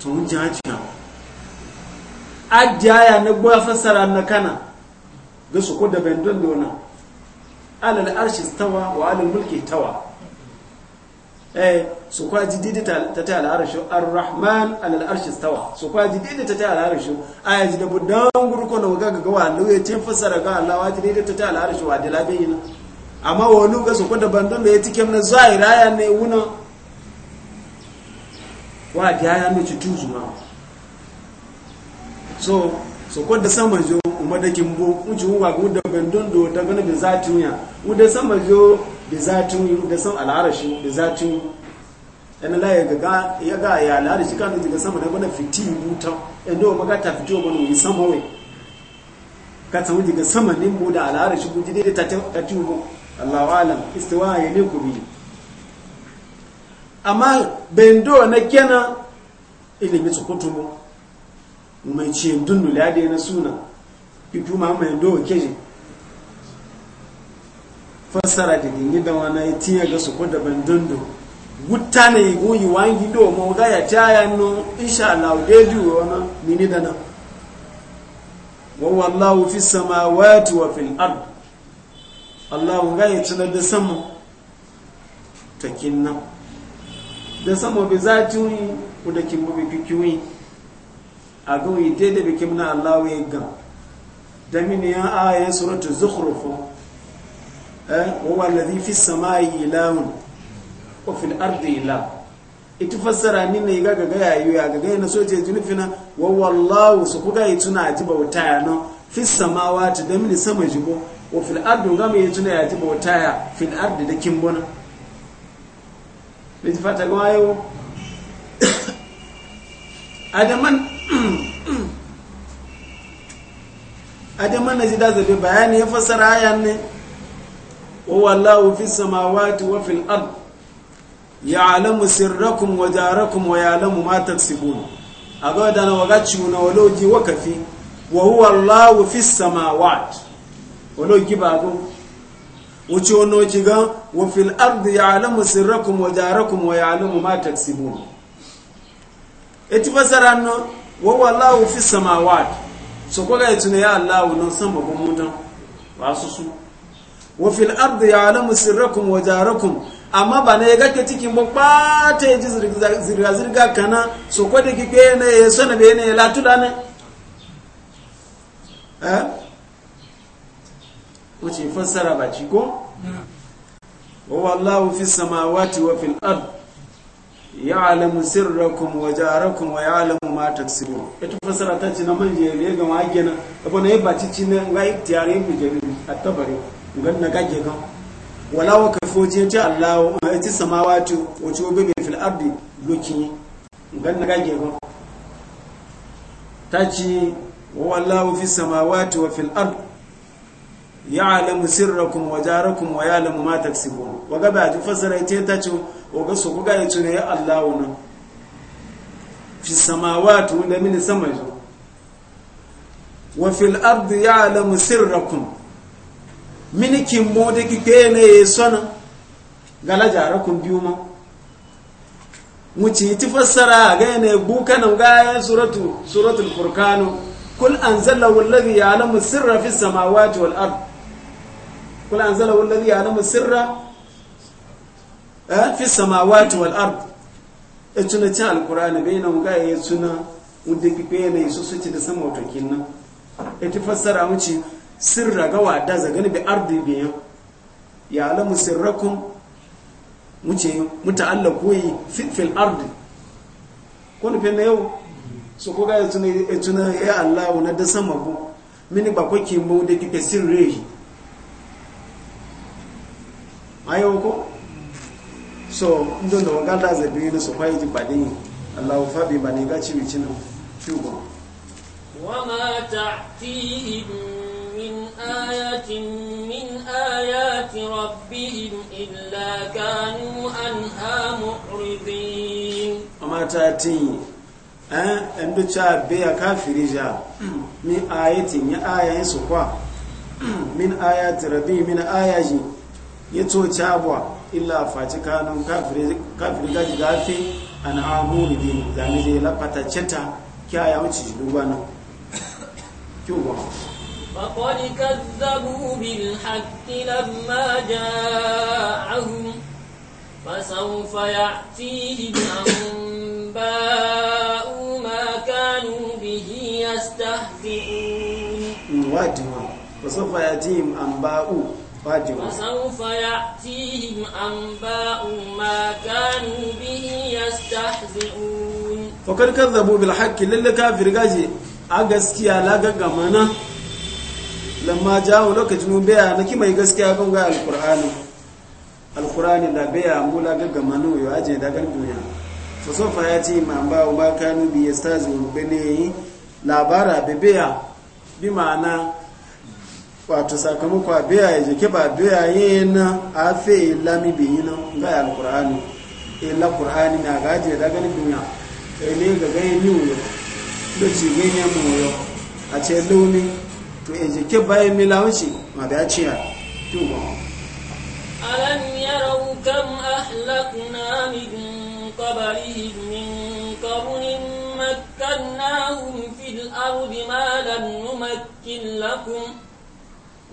to mun jaji ajaya na gwa fasara na kana ga so ku da bandun do na alal arshi tawa wa alal mulki tawa eh su kwa ji didi ta ta al'arshi ar-rahman al'arshi stawa su kwa ji didi ta ta al'arshi aya ji da budan gurko na waga ga wa lauye tin fasara ga Allah wa ji didi ta ta al'arshi wa dilabe yin amma wani ga su kwada bandon da ya tikem na zahira ya ne wuna wa da ya ne ci tuzu so so kwada sama jo umadakin bo uji wa ga da bandon do da ganin da zatiya uda sama jo bi zatin yi da san al'arashi bi zatin yana la ya ga ya ga ya al'arashi kan daga sama da bana fiti buta ta fito bana yi sama wai ka ta wuce ga sama ne mu da al'arashi ku ji dai ta ta tubo Allahu alam istiwa ya ne ku bi amma bendo na kenan ilimi su kutubo mai ce dunnu lade na suna kitu ma mai do keje fassara da gini da wani ya tiya ga su da bandundu wuta ne yi goyi wangi do ma wuta ya taya no insha Allah yi duwe wani mini da nan wawan wallahu fi samawati wa fil ard Allah ga ya tsala da sama takin nan da sama bi zati ku da kin bi kikiwi a ga yi dai bikin na Allah ya ga da mini ya aya suratu zukhruf wa wallazi fi samai ilahun wa fil ardi ilah ita fassara ni ne ga ga yayu ya ga na soje junufina wa wallahu su kuga yi tuna ji bauta ya no fi samawati da mini sama jibo wa fil ardi ga mai tuna ya ji bauta ya fil ardi da kimbona ne fata ga wayo adaman adaman na ji da zabe bayani ya fasara ayan ne huwa allahu fi samawati wa fil ard ya'lamu sirrakum wa jarakum wa ya'lamu ma taksibun aga da na wagaci na waloji wakafi wa huwa allahu fi samawati waloji babu wuce wani oji ga wa fil ard ya'lamu sirrakum wa jarakum wa ya'lamu ma taksibun eti fasara no wa huwa allahu fi samawati so kwa ga tunaya allahu non sama ba mutan wasu su wafil ardu ya alamu sirrakum wa jarakum amma ba na ya gake cikin ba ɓata ya ji zirga-zirga kana so kwa da kike na ya so na bayanai ya latula ne eh wace fassara ba ci ko wa wallahu fi samawati wa fil ard ya'lamu sirrakum wa jarakum wa ya'lamu ma taksibun ita fassara ta ci na manje ne ga magena abu ne ba ci ci ne ga ikhtiyari mu jari at-tabari ngan na gage kan wala wa kafoje ta Allah wa ti samawati wa ci obe be fil ardi lokin ngan na gage kan taci wa wallahu fi samawati wa fil ardi ya'lamu sirrakum wa jarakum wa ya'lamu ma taksibun wa gaba ji fasara ita taci wa ga su kuga ya tune Allah wa fi samawati wa min samai wa fil ardi ya'lamu sirrakum mini mode ki ke ne ya sona gala jara kun biyu ma ci ti fassara ga ne nan ga suratu suratul furqan kul anzalahu alladhi ya'lamu sirra fis samawati wal ard kul anzalahu alladhi ya'lamu sirra eh, fis samawati wal ard e tuna ci alqur'ani bayna ga ya suna mudda kike ne su su ci da sama to e ti fassara ci sirra ga wada zagani bi ardi biyan ya alamu sirrakum wuce Allah koyi fil ardi ko nufi na yau su ko ga tuna ya allahu na da sama bu mini bakwai ke mu da kike sirre yau ko so ndo da ga da zabi ne su kwaye ji badin allahu fabi bani ga ci bicin shugo wama ta'tihim آية من آيات ربهم إلا كانوا عنها معرضين أما تأتي أن تشابه كافر جاء من آية من آية min ayati rabbi min ayaji yato cabwa illa faci kanun kafir gaji gafi an amuri bi zane zai lafata ceta kyaya wuce shi duba nan kyau فقد كذبوا بالحق لما جاءهم فسوف يأتيهم أنباء ما كانوا به يستهزئون واجمع فسوف يأتيهم أنباء واجمع فسوف يأتيهم أنباء ما كانوا به يستهزئون فقد كذبوا بالحق للكافر غازي أغسكي على غمانا lamma jawo lokacin mun baya na kima gaskiya kan ga alqur'ani alqur'ani da baya mu la gaga manu yo aje da gan duniya so so fa ya ci ma ba u ba kanu bi yastazi wa bene labara be baya bi ma'ana wato sakamako a baya je ke ba baya yana afe lami bi yana ga alqur'ani illa e, qur'ani na gaje da gan duniya e, ne ga gani ni yo da ci ga ni mu a ce lumi to yanzu ke bayan milawanci ma da ya ce ya tuba alam yarau kam ahlakna min qablihim min qarnin makkannahum fil ardi ma lam numakkin lakum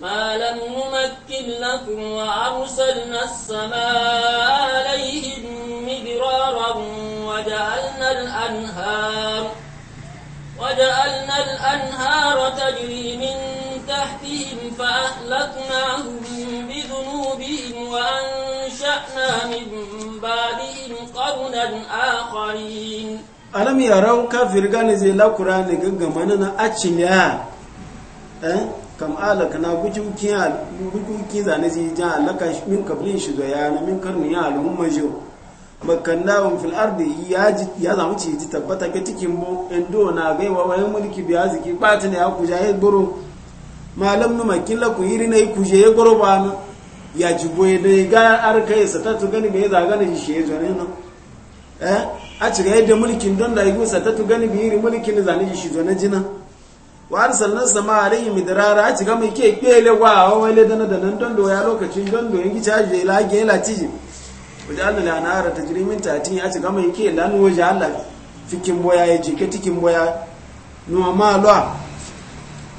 ما لم نمكن لكم وأرسلنا السماء عليهم مدرارا وجعلنا الأنهار وجعلنا الأنهار تجري من تحتهم فأهلكناهم بذنوبهم وأنشأنا من بعدهم قرنا آخرين ألم alam yarau kafir gane zai lakura ne gaggama na acin ya eh? kam alaka na gujukin zane zai jan alaka min kablin shi da ya na min karni ya al'umma jiyo makannawun fil'ardi ya zama ce ji tabbata ga cikin mu indo na gaiwa wani mulki biya ziki bata ne ya ja ya goro malam nu makin la ku yiri na yi kuje ya goro ba nu ya ji boye da ga arka ya sata tu gani bai zaga ne shi ya zane nu eh a ci ga da mulkin don da yiwu sata tu gani bai yiri mulkin zane shi zane jina wa arsalna sama alayhi midrara a ci ga mai ke kele wa wa wale dana da nan don do ya lokacin don do yin ci aje la ge la ci wajen la nara ta jirimin tatin ya ci gama yake lanu wajen fikin boya ya jike tikin boya nuwa ma lwa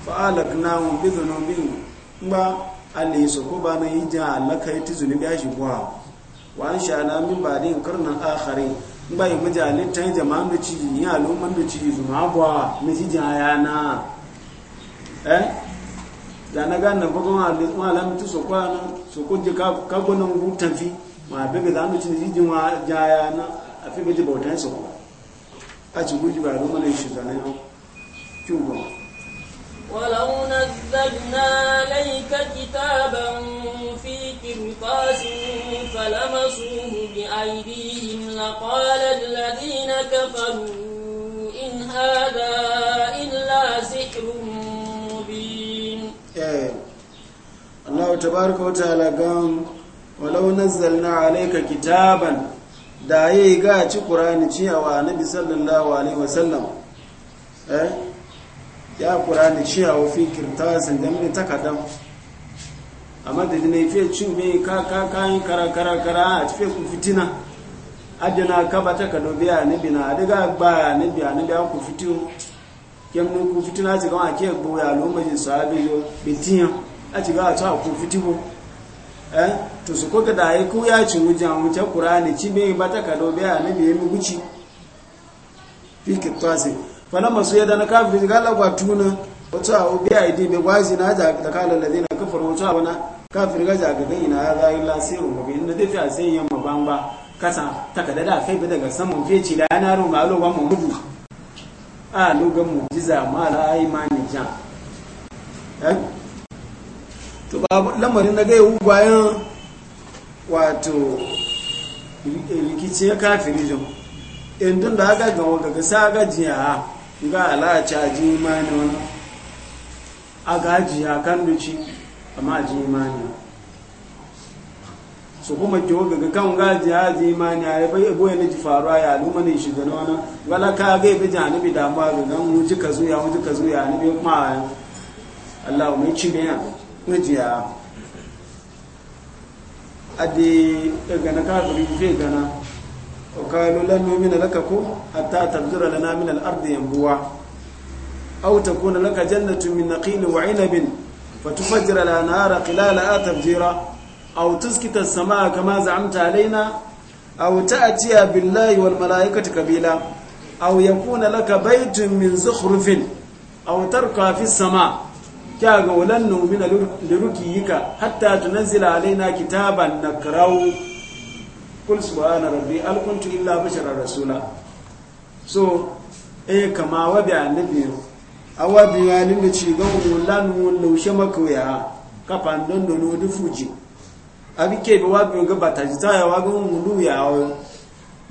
fa'alak na mu bi zunubin ba Allah ya soko ba na yi jan alaka ya ti zunubi ya shigowa wa an sha na min ba din karnan akhari ba yi majalin ta jama'an da ci yi al'umman da ci zuma abuwa na ji jan yana eh da na gane ba kuma alamun ta soko jika kagonan hutafi ma bebe za a ci jijin wa jaya na a fi biji bautan su kuma a ci guji ba ruwa ne shi zane yau kyugo ولو نزلنا عليك كتابا في قرطاس فلمسوه بأيديهم لقال الذين كفروا إن هذا إلا سحر مبين الله تبارك وتعالى walau nazzalna alayka kitaban da yayi ga ci qur'ani ciyawa annabi sallallahu alaihi wasallam eh ya qur'ani ciyawa fi kirtasin dan ne takadam amma da dinai fi ci me ka ka kan kara kara kara a fi ku fitina adina ka ba ta kado biya annabi na daga ba annabi annabi ku kem kemnu ku fitina ci ga ke gbo ya lo majin sahabi yo bitiyan a ci ga ta ku fitibo eh to su koga da ya kuya ci wujan wuce kurani ci bai ba ta kado biya na biya mu guci fi kitwasi fana masu yadda na kafin gala kwa tuna wato a biya idi mai gwazi na ja da kala da na kafar wato a wana kafin gaja ga gani na ya zai lasi rubabi inda zai fi a sai yamma bamba kasa takada da fai daga saman feci da yana rumba alowa mu gudu a lugan mujiza ma la'ayi ma nijan eh? to ba lamarin na gaya bayan wato rikici ya kafiri jin indun da aka gawa gaga sa gajiya ga alaci a ji imani wani a gajiya kan duci amma a ji imani su kuma kiwo gaga kan gajiya a ji imani a yabai abu yana ji faruwa ya aluma ne shiga na wani wala ka ga yabi janibi damuwa ga nan wuce ka zuya wuce ka zuya ni bai kuma a Allah mai ci ne ya gajiya ade gana kafiri fe gana o kalu lan nomina laka ko hatta tabzura lana min al-ardi yanbuwa aw takuna laka jannatu min naqil wa 'inabin fatufajjira lana nahara qilala atabjira aw tuskita samaa kama za'amta alaina aw ta'tiya billahi wal malaikati kabila aw yakuna laka baytun min zukhrufin aw tarqa fi samaa kya ga walan numina ka hatta tunzila alaina kitaban nakrahu kul subhana rabbi alkuntu illa bashara rasula so e kama wa bi annabi awa bi walin da ci ga walan laushe makoya kafan don don di fuji abike bi wa bi ga bataji ta ya wa ga mulu ya o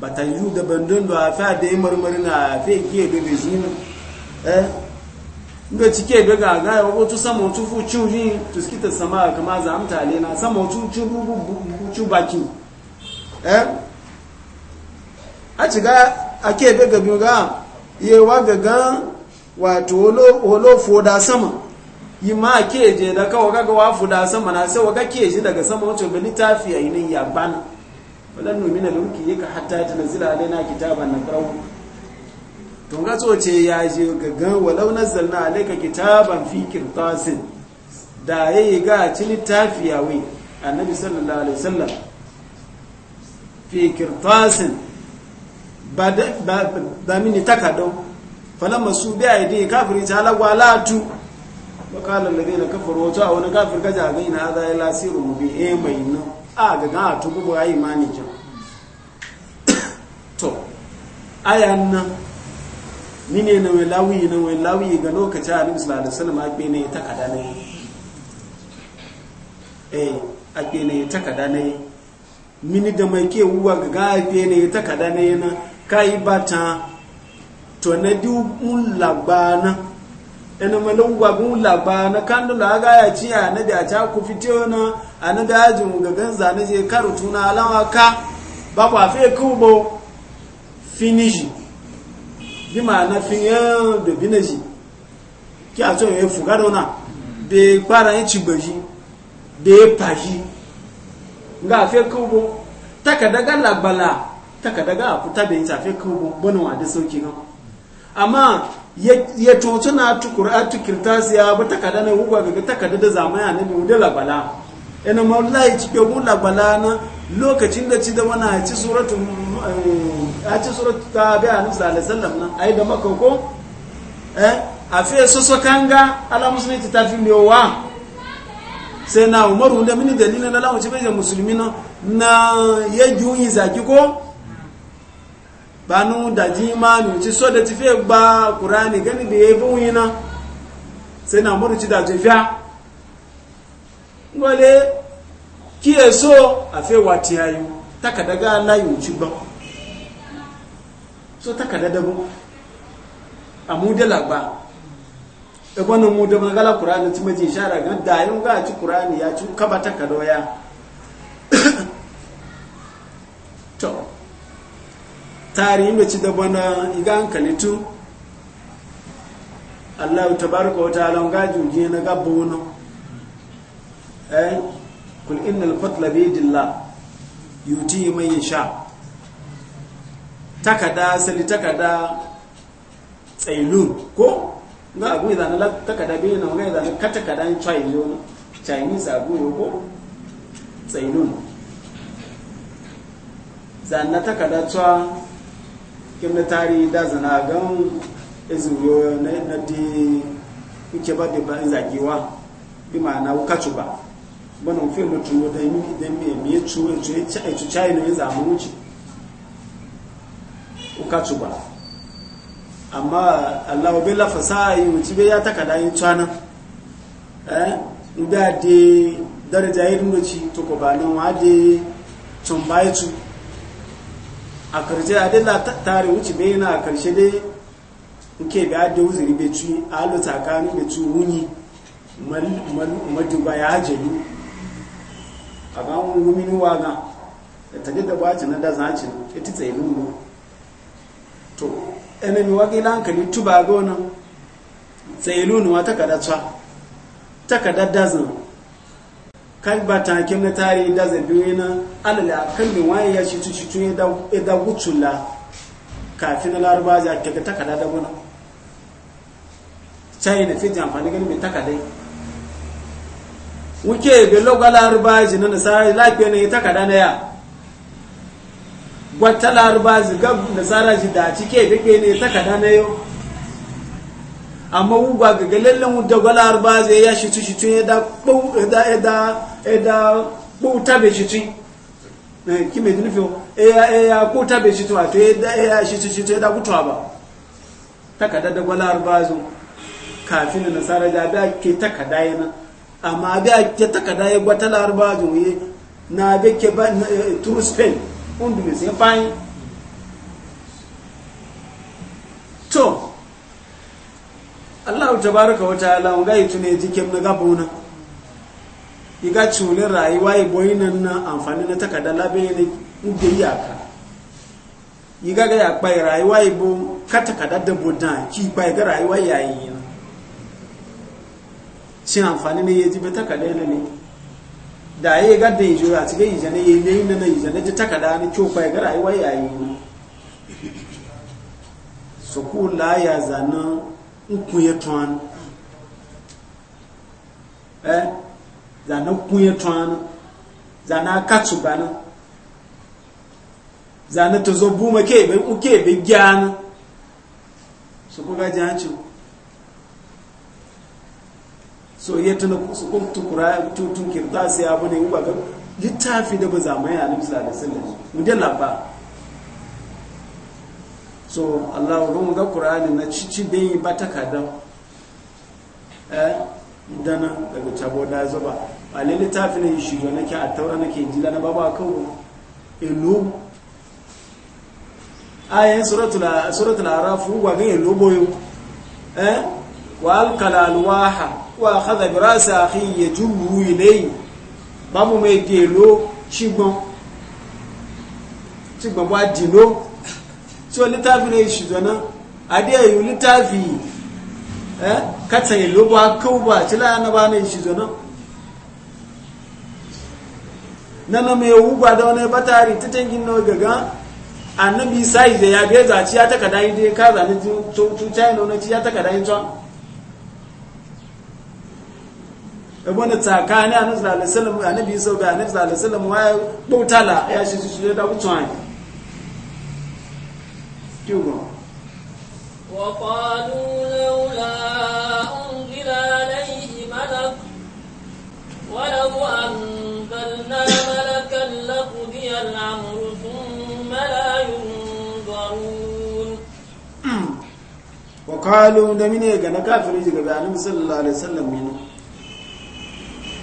bataji da bandon da fa da marmarina fa ke be bezina eh ndo cike be ga ga ya wato sama wato fucin chu ji tu skita sama kama za amta le na sama wato cin bu baki chu eh a ci ga a ke ga biyu ga ye wa ga ga wato holo olo fo da sama yi ma ke je da kawo ga wa foda da sama na sai waga ke ji daga sama wato be tafiya yi yinin ya bana walan numina lumki yaka hatta tanzila alaina kitaban nakrahu to gaso ce ya je gaggan walau a alayka kitaban fikir qirtasin da ya yayi ga ci litafiya wai annabi sallallahu alaihi wasallam fi qirtasin bada da min takado falamma su bi aidi kafiri ta lawa latu wa qala alladhina kafaru ta wa kafir gaja gaina hada ila mu biya? e eh, bayna a a to gubo ayi mani to ayanna ne na wai na wai lawi ga lokacin annabi sallallahu alaihi wasallam ake ne ta kada ne eh ake ne ta kada ne mini da mai ke wuwa ga ga ake ne ta kada ne na ba bata to na du mun labana ina malungwa mun labana kan da ga ya ci na a ta ku fito na da ajin ga ganza na je karutuna alawaka ba kwafe kubo finishing bí ma na fi hàn bèbí náà sí kí àtọ́ ìwé fùgádọ́ náà bè gbára yín ti gbè yí bè pa yìí nga àfẹ́ kúbọ takàdágá làgbàlà takàdágá àkútà bẹ̀yìn tí àfẹ́ kúbọ gbọ́nà wà dé sókè náà amma ya coci na tukura a tukirta su a ba takada na wugwa takada a nabi wudai labala labala na lokacin da ci da mana ci suratu a ci suratu ta ga annabi sallallahu sallam wasallam nan ai da maka ko eh a fiye soso kanga ala musulmi ta fi ne wa sai na umaru da mini dalilin na lamu ci da musulmi na na ya juyi zaki ko banu da jimanu ci so da ci fiye ba qur'ani gani da yayi buyi na sai na umaru ci da jafiya wale kí ẹ só wà tí a yíò takàdágá aláyò ṣùgbọ́n so takàdádágbọ́n àmúdélàgbà ẹgbọ́n mú dẹ́gbọ́n gálà kùránì tí méjì ìṣára gan ń gá àti kùránì ya tún kába takàdọ́ ya tọ́ tààrí ń ci dabo igá iga hankali tun allahu tabaraka wata alam gajin gina gabbo wani eh kul innal fadla bi yadillah yuti man yasha takada sali takada tsailun ko nga abu idan la takada bi na ga idan ka takada in chai yo ni sabu yo ko tsailun na takada tsa kimna tari da zana gan izuyo na na di kuke ba de ba zagiwa bi ma'ana wukacu ba mana ofin mutum da yi da yi mai ya ciwo ya ci cayi na yi zama wuce uka ci ba amma allah wa bela fasaha yi wuce bai ya taka da yin cana eh da de daraja yi rindoci to ko ba nan wa de tun bai tu a karshe a dila tare wuce bai na a karshe dai nke bai adi wuzuri bai ci a alu kanu bai ci wunyi maduba ya hajjalu a ga wani wumini waga da ta ba baci na da zaci ita tsaye mu. to ene mi wagi lankali tuba ga wani tsaye lunu wata kada tsa ta kada dazin kan ba ta kim na da dazin biyu na alala kan bi waye ya shi ci tun ya da la. kafin na laraba ja ta kada da gona na fi jamfani gani mai takadai wuke ga logwa larabaji na nasara lafiya ne ta kada na ya gwata larabaji ga nasara ji da cike bebe ne ta kada na yo amma wugwa ga galallen dagwa larabaji ya shitu shitu ya da da da da shi tun shitu eh, ki mai e eh, ya eh, be shi shitu wato ya shitu shitu ya da kutuwa ba ta kada dagwa larabaji kafin nasara da ke ta kada yana amma ga ke takada ya gwata a joye na be ke ba eh, turu spain undu ne sai fayin to Allah tabaraka wata ta'ala ga yi tune jikin na gabona iga cunin rayuwa ya boyi nan na amfani na takada labe ne inda aka iga ga ya kpai rayuwa ya bo ka takada da bodan ki kpai ga rayuwa yayin shi amfani na ya ji takada yana ne da ya ga da yijo a cikin yijana ya yi na yijana eh, ji takada ne kyau ga rayuwa yayi ne na su kula ya zanen nkun ya tuwanu eh zanen kun tuwanu zanen katsu bana zanen tozo buma kebe bai uke gyanu su ku ji hancin so iya tuna su kun tukura tutun kirta sai abu ne ba ga littafi da ba zamai a nabi sallallahu alaihi wasallam mu dalla ba so Allah ruwan ga Qur'ani na cici da yi ba takada eh dana daga tabo da zuba a le littafi ne shi ga nake a taura nake jila na baba kawo ilu ayen suratul suratul arafu wa ga ilu boyo eh وألقى الألواح وأخذ برأس أخيه يجره إليه bámu méje ló ṣígbọn ṣígbọn bá dì ló tí ó lítàfi rẹ̀ ìṣùdọ̀ná adé ẹ̀yù lítàfi ẹ́ kàtàyè ló bá kọ́wọ́ àti láyánábá ní ìṣùdọ̀ná nana mai wuba da wani batari ta tangin nawa gaga annabi sai da ya beza ci ya taka dai dai ka zane tun tun china na ci ya taka wani tsakani a nufin alisalam a nufin iso ga nufin alisalam wa ya bauta la ya shi shi da wucin anyi kyugo wakalu laula an gila laihi malak wadabu an balna malakan lafudiyar amurtun mara yin gwarun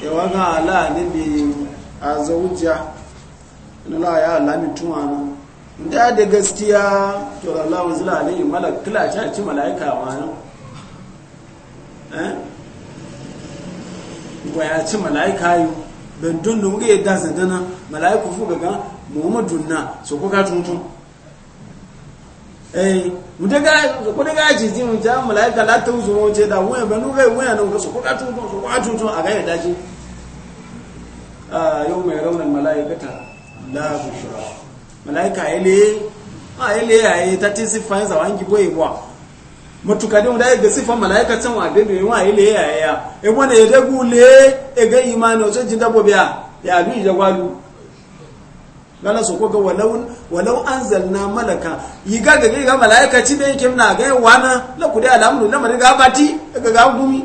yawa eh? ga ala ne bi a zaujiya ina ya alami tuwa na da gaskiya to Allah wa zila alayhi malak kila ta ci malaika ma nan eh wa ya ci malaika yi dan tuntun eh mutega kudega jiji muta malaika la ta uzu moje da wuya banu ga wuya nan ga su kuka tutu su kuka tutu a ga ya daji ah yau mai raunin malaikata la bushra malaika ele a ele ai ta ti sifan za wangi boye bwa mutuka din da ga sifan malaika tan wa bebe wa ele ya ya e wona ya dagule e ga imani o so jinda bobiya ya du bi jagwalu gala su koga walau an zalna malaka yi ga gaga malayaka ci kim na ga wana na kudai alamunu la ga bati ga ga gumi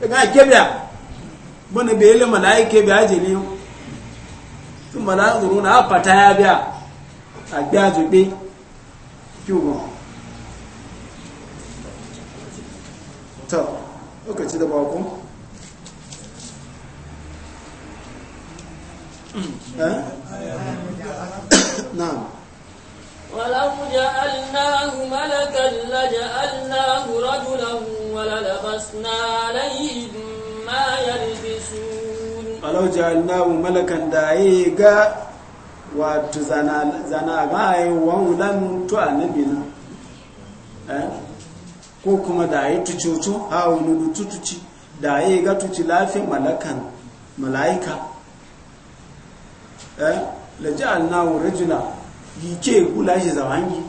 ga kebya bane be yi malaika be aje ne tun mala zuru na pata ya biya a biya zube be ta to ci da bako نعم ولو جعلناه ملكا لجعلناه رجلا وللبسنا عليهم ما يلبسون ولو جعلناه ملكا ko kuma da ya tucucu ha wani tutuci da ya ga tuci lafi malakan mala'ika eh la ja'alnahu rajula yike kula shi zawangi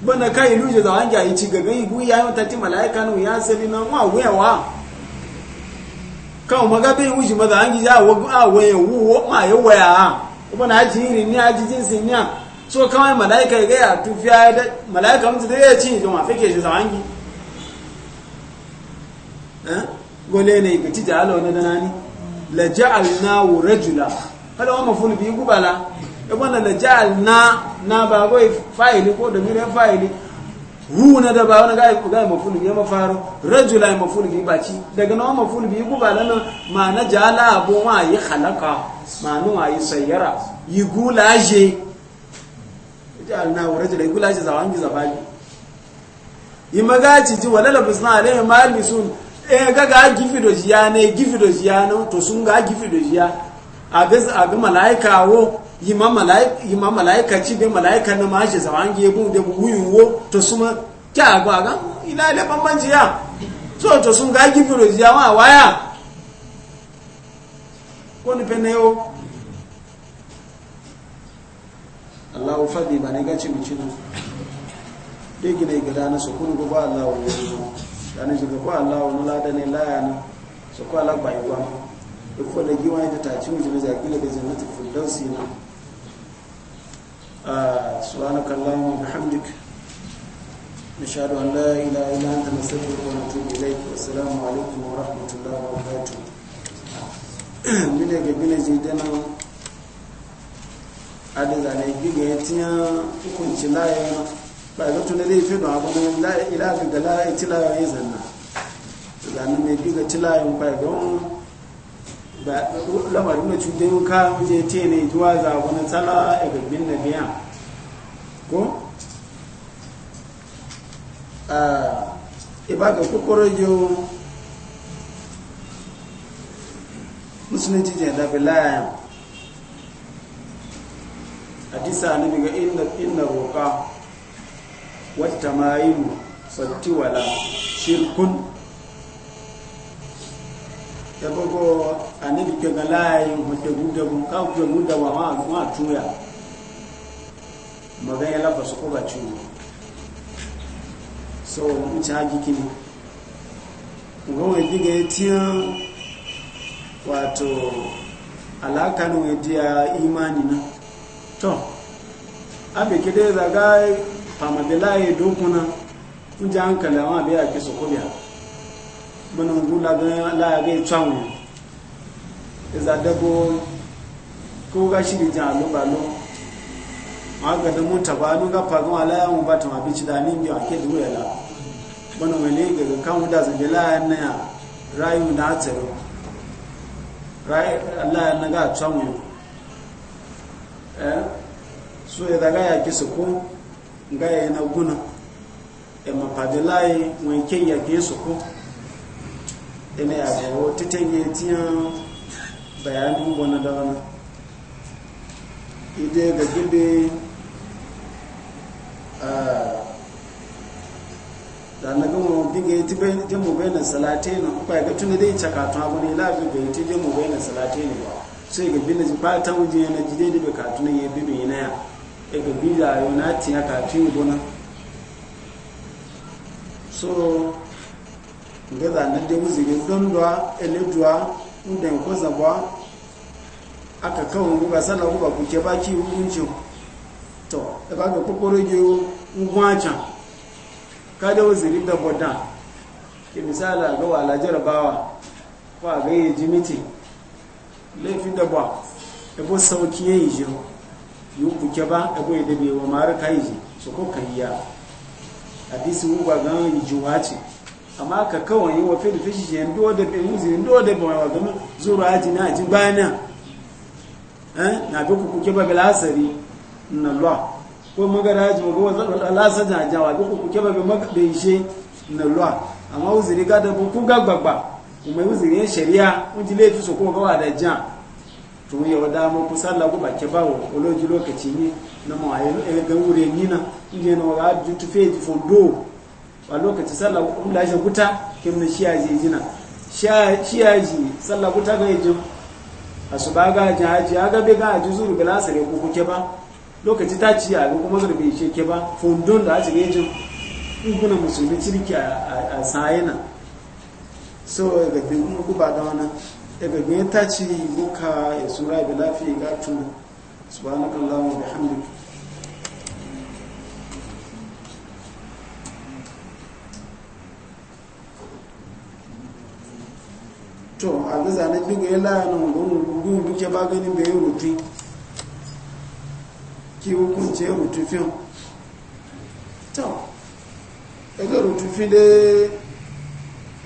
bana kai luje zawangi ayi ci gaga yi ya yau tati malaika nu ya sali na wa wewa kan maga bin wuji ma zawangi ja wa a waye wo ma ya waya bana haji ri ni jin sin ni so kawai malaika ga ya tufiya da malaika mun da ya ci jama'a fike shi zawangi eh gole ne ga ci jalo na danani la wa rajula kada wa maful bi gubala ya bana da ja'al na na ba goyi fa'ili ko da mire fa'ili wuna da ba wani ga'i ga'i maful bi mafaro rajula maful bi baci daga na maful bi gubala na ma na ja'ala abu wa yi halaka ma nu wa yi sayyara yi gulaje ja'al na rajula yi gulaje za bi zabali yi magaci ji wala labisna alaihi ma albisun eh ga ga gifido jiya ne gifido jiya no to sun ga gifido jiya a ga malaika wo yi ma malaika ci bai malaika na ma shi zama ya gun da wuyin wo to su ma kya agba ga ila ile bambanci ya so to sun ga gifiro ya wa waya ko ni fe yo Allah u fadi ba ne ga ci mici na dai gina gida na sukun kun go ba Allah wa ne ya ne ji go Allah wa mulada ne la ya su ko Allah ba yi ba ko da giwa da ta ci mujina zaki daga jannatul firdausi na a kallon allahumma bihamdik nashhadu an la ilaha illa anta nastaghfiruka wa tuni laifin. wa assalamu alaikum wa rahmatullahi wa barakatuh mine ga gina je dana ada zane giga ya tiya hukunci laye ba ga tuna zai fi don abu la ilaha illa la ilaha illa zanna zanen mai giga tilayen ba ga lamarin da cutar ka je te ne zuwa zaɓa na tsala a gabin da biya ko? iba ga kokoro yi musulunci je da bilaya disa ne daga inda roƙa wata mayin sattiwala shirkun ya bugo annabi ke ga layin mace guda mun ka wa ma ma tuya maga ya lafa su ko ba so mun ci haji kini ko wai diga tiyan wato alaka ne wai imani na to abe kide zaga fama da layi dokuna kun ji hankali amma bai ake su ko biya mana ga layi ga tsawon iza dabo ko ga shi ne jan lo balo ma ga da mun taba nu ga fa gwa la mu ba ta ma bi da ni bi ake du ya la bana wele ga kan da zan la na ya rayu na tsaro rai Allah na ga tsamu eh su ya daga ya su ku ga ya na guna e ma padilai mun ke ya ke su ko ene ya go titenye tiyan bayanin wani da na ide ga gibe da na gama biga ti bai mu bai na salate na ba ga tuni dai caka to abu ne lafi bi bai ti je mu bai na salate ne ba sai ga bin na ba ta wuje na ji dai bai ka tuni ya bibi ina ya e ga bi da na ti ya ka tuni gona so ga da na dai mu zige don duwa. eleduwa inda ko zaba aka kawo sana sallah guba kuke baki hukuncin to da e kaga kokoro je ngwacha kada waziri da boda ke misala ga wala jarabawa ko ga e yi jimiti laifin da ba ebo sauki yayi je yu kuke ba ebo da wa mara kai je so ko kayya hadisi guba ga yi juwaci amma ka kawai wa fi fi shi yan do da bin zin do da ba wa gama zuru aji na aji bana eh na bi ku kuke ba lasari na lwa ko magara ji go lasa da jawa bi ku kuke ba bi magbe na lwa amma uzuri ga da ku ga gbagba kuma uzuri yan sharia un ji lefi so ko ga wa da jan to ya wada mu ku sallah ku bakke ba wa oloji lokaci ne na mu ayi ga wure ni na inda yana wa ga tufe feji fondo ba lokaci sallah da shi guta kim na shiya ji jina shiya ji sallah guta ga yi jin a su ba ga jihaji ya gabe ga aji zuru ga bila sare ko kuke ba lokaci ta ci a kuma zuru bai ce ke ba fundun da aji ga yi jin uguna musulmi cirki a sayina so ga bin ba da wannan daga gwen ta ci buka ya sura bila lafiya ga tun subhanakallahumma bihamdika to a ga zane bigo ya layanin gugun buke ba gani bai yi rufi ki hukunce rutufin to ega rutufi da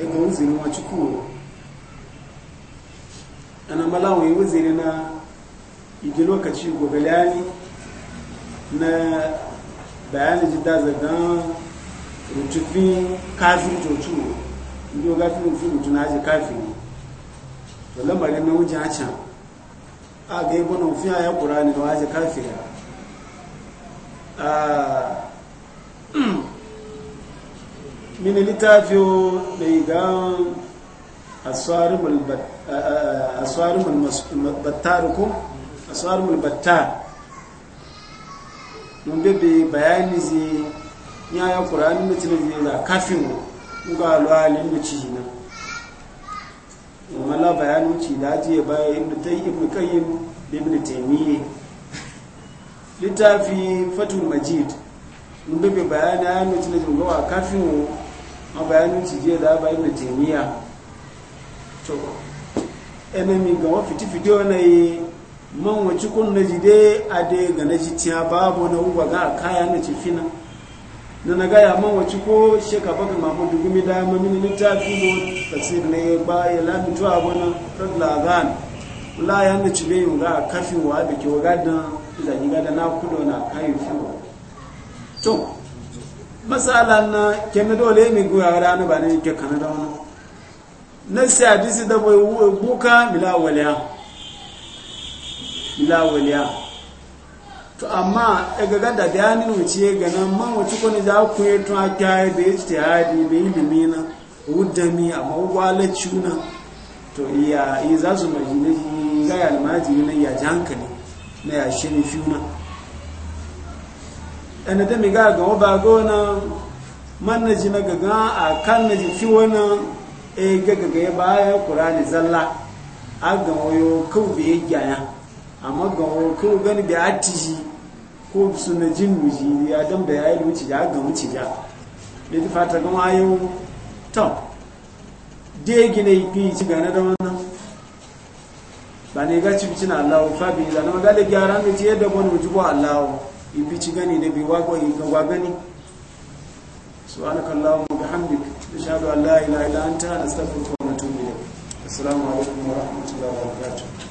ega wuziri ma cikin ana malawa yi wuziri na igi lokaci gobe layani na bayani jidda zagan rutufin kafin jotu ndi o gafin rutufin na aji kafin da lamarin na wujen can a ga yi gwanon fiya ya kura ne da waje a mini littafi mai gawon asuwarin battar asuwarin aswarimul mun bebe bayani zai yaya kura ne mutum zai za kafin ga alwalin mutum la bayanu ci da ajiye baya ta yi ibn kayyim ibn taymiyya littafi fatul majid mun bi bayani an mutum da gawa kafin ma bayanin ci je da bayan ibn taymiyya to enemy ga wa fiti fiti yi man wace kun na jide a da ga na jitiya babu na uba ga kaya na ci fina na na gaya man wacce ko sheka baka mamu dugumi da ni ta fi mo tafsir ne ba ya lami to abona tad lagan la ya ne cibe yin ga kafi wa da ke wa gadan da ni gada na kudo na kai fi to masala na kemi dole mi goya da na ba ne ke kana da wannan na si hadisi da bai buka mila waliya mila waliya to amma daga gada bayanin wuce ga nan man wuce ko ne za ku yi tun ake yi da yi ci da bai yi na wudami a walaci cuna to iya yi za su majina ga ya almajiri na ya ji hankali na ya shirin fiuna ɗan da mai ga gawa ba gona man na ji na gaga a kan na ji fi wani e gagaga ya baya ne zalla a gawa yau kawai bai yi gyaya amma gawa kawai gani bai atishi ko suna jin miji ya dan da yayi wuce ya ga wuce ya da ta fata ga mayo to de gina yi ci gane da wannan ba ne ga cibici na Allah fa bi da na magale gyara ne ce da wani mutu ko Allah yi ci gani da bi wa yi ga gani subhanaka allahumma da shaɗu an ila ila an ta astaghfiruka wa atubu ilaik assalamu alaikum wa rahmatullahi wa barakatuh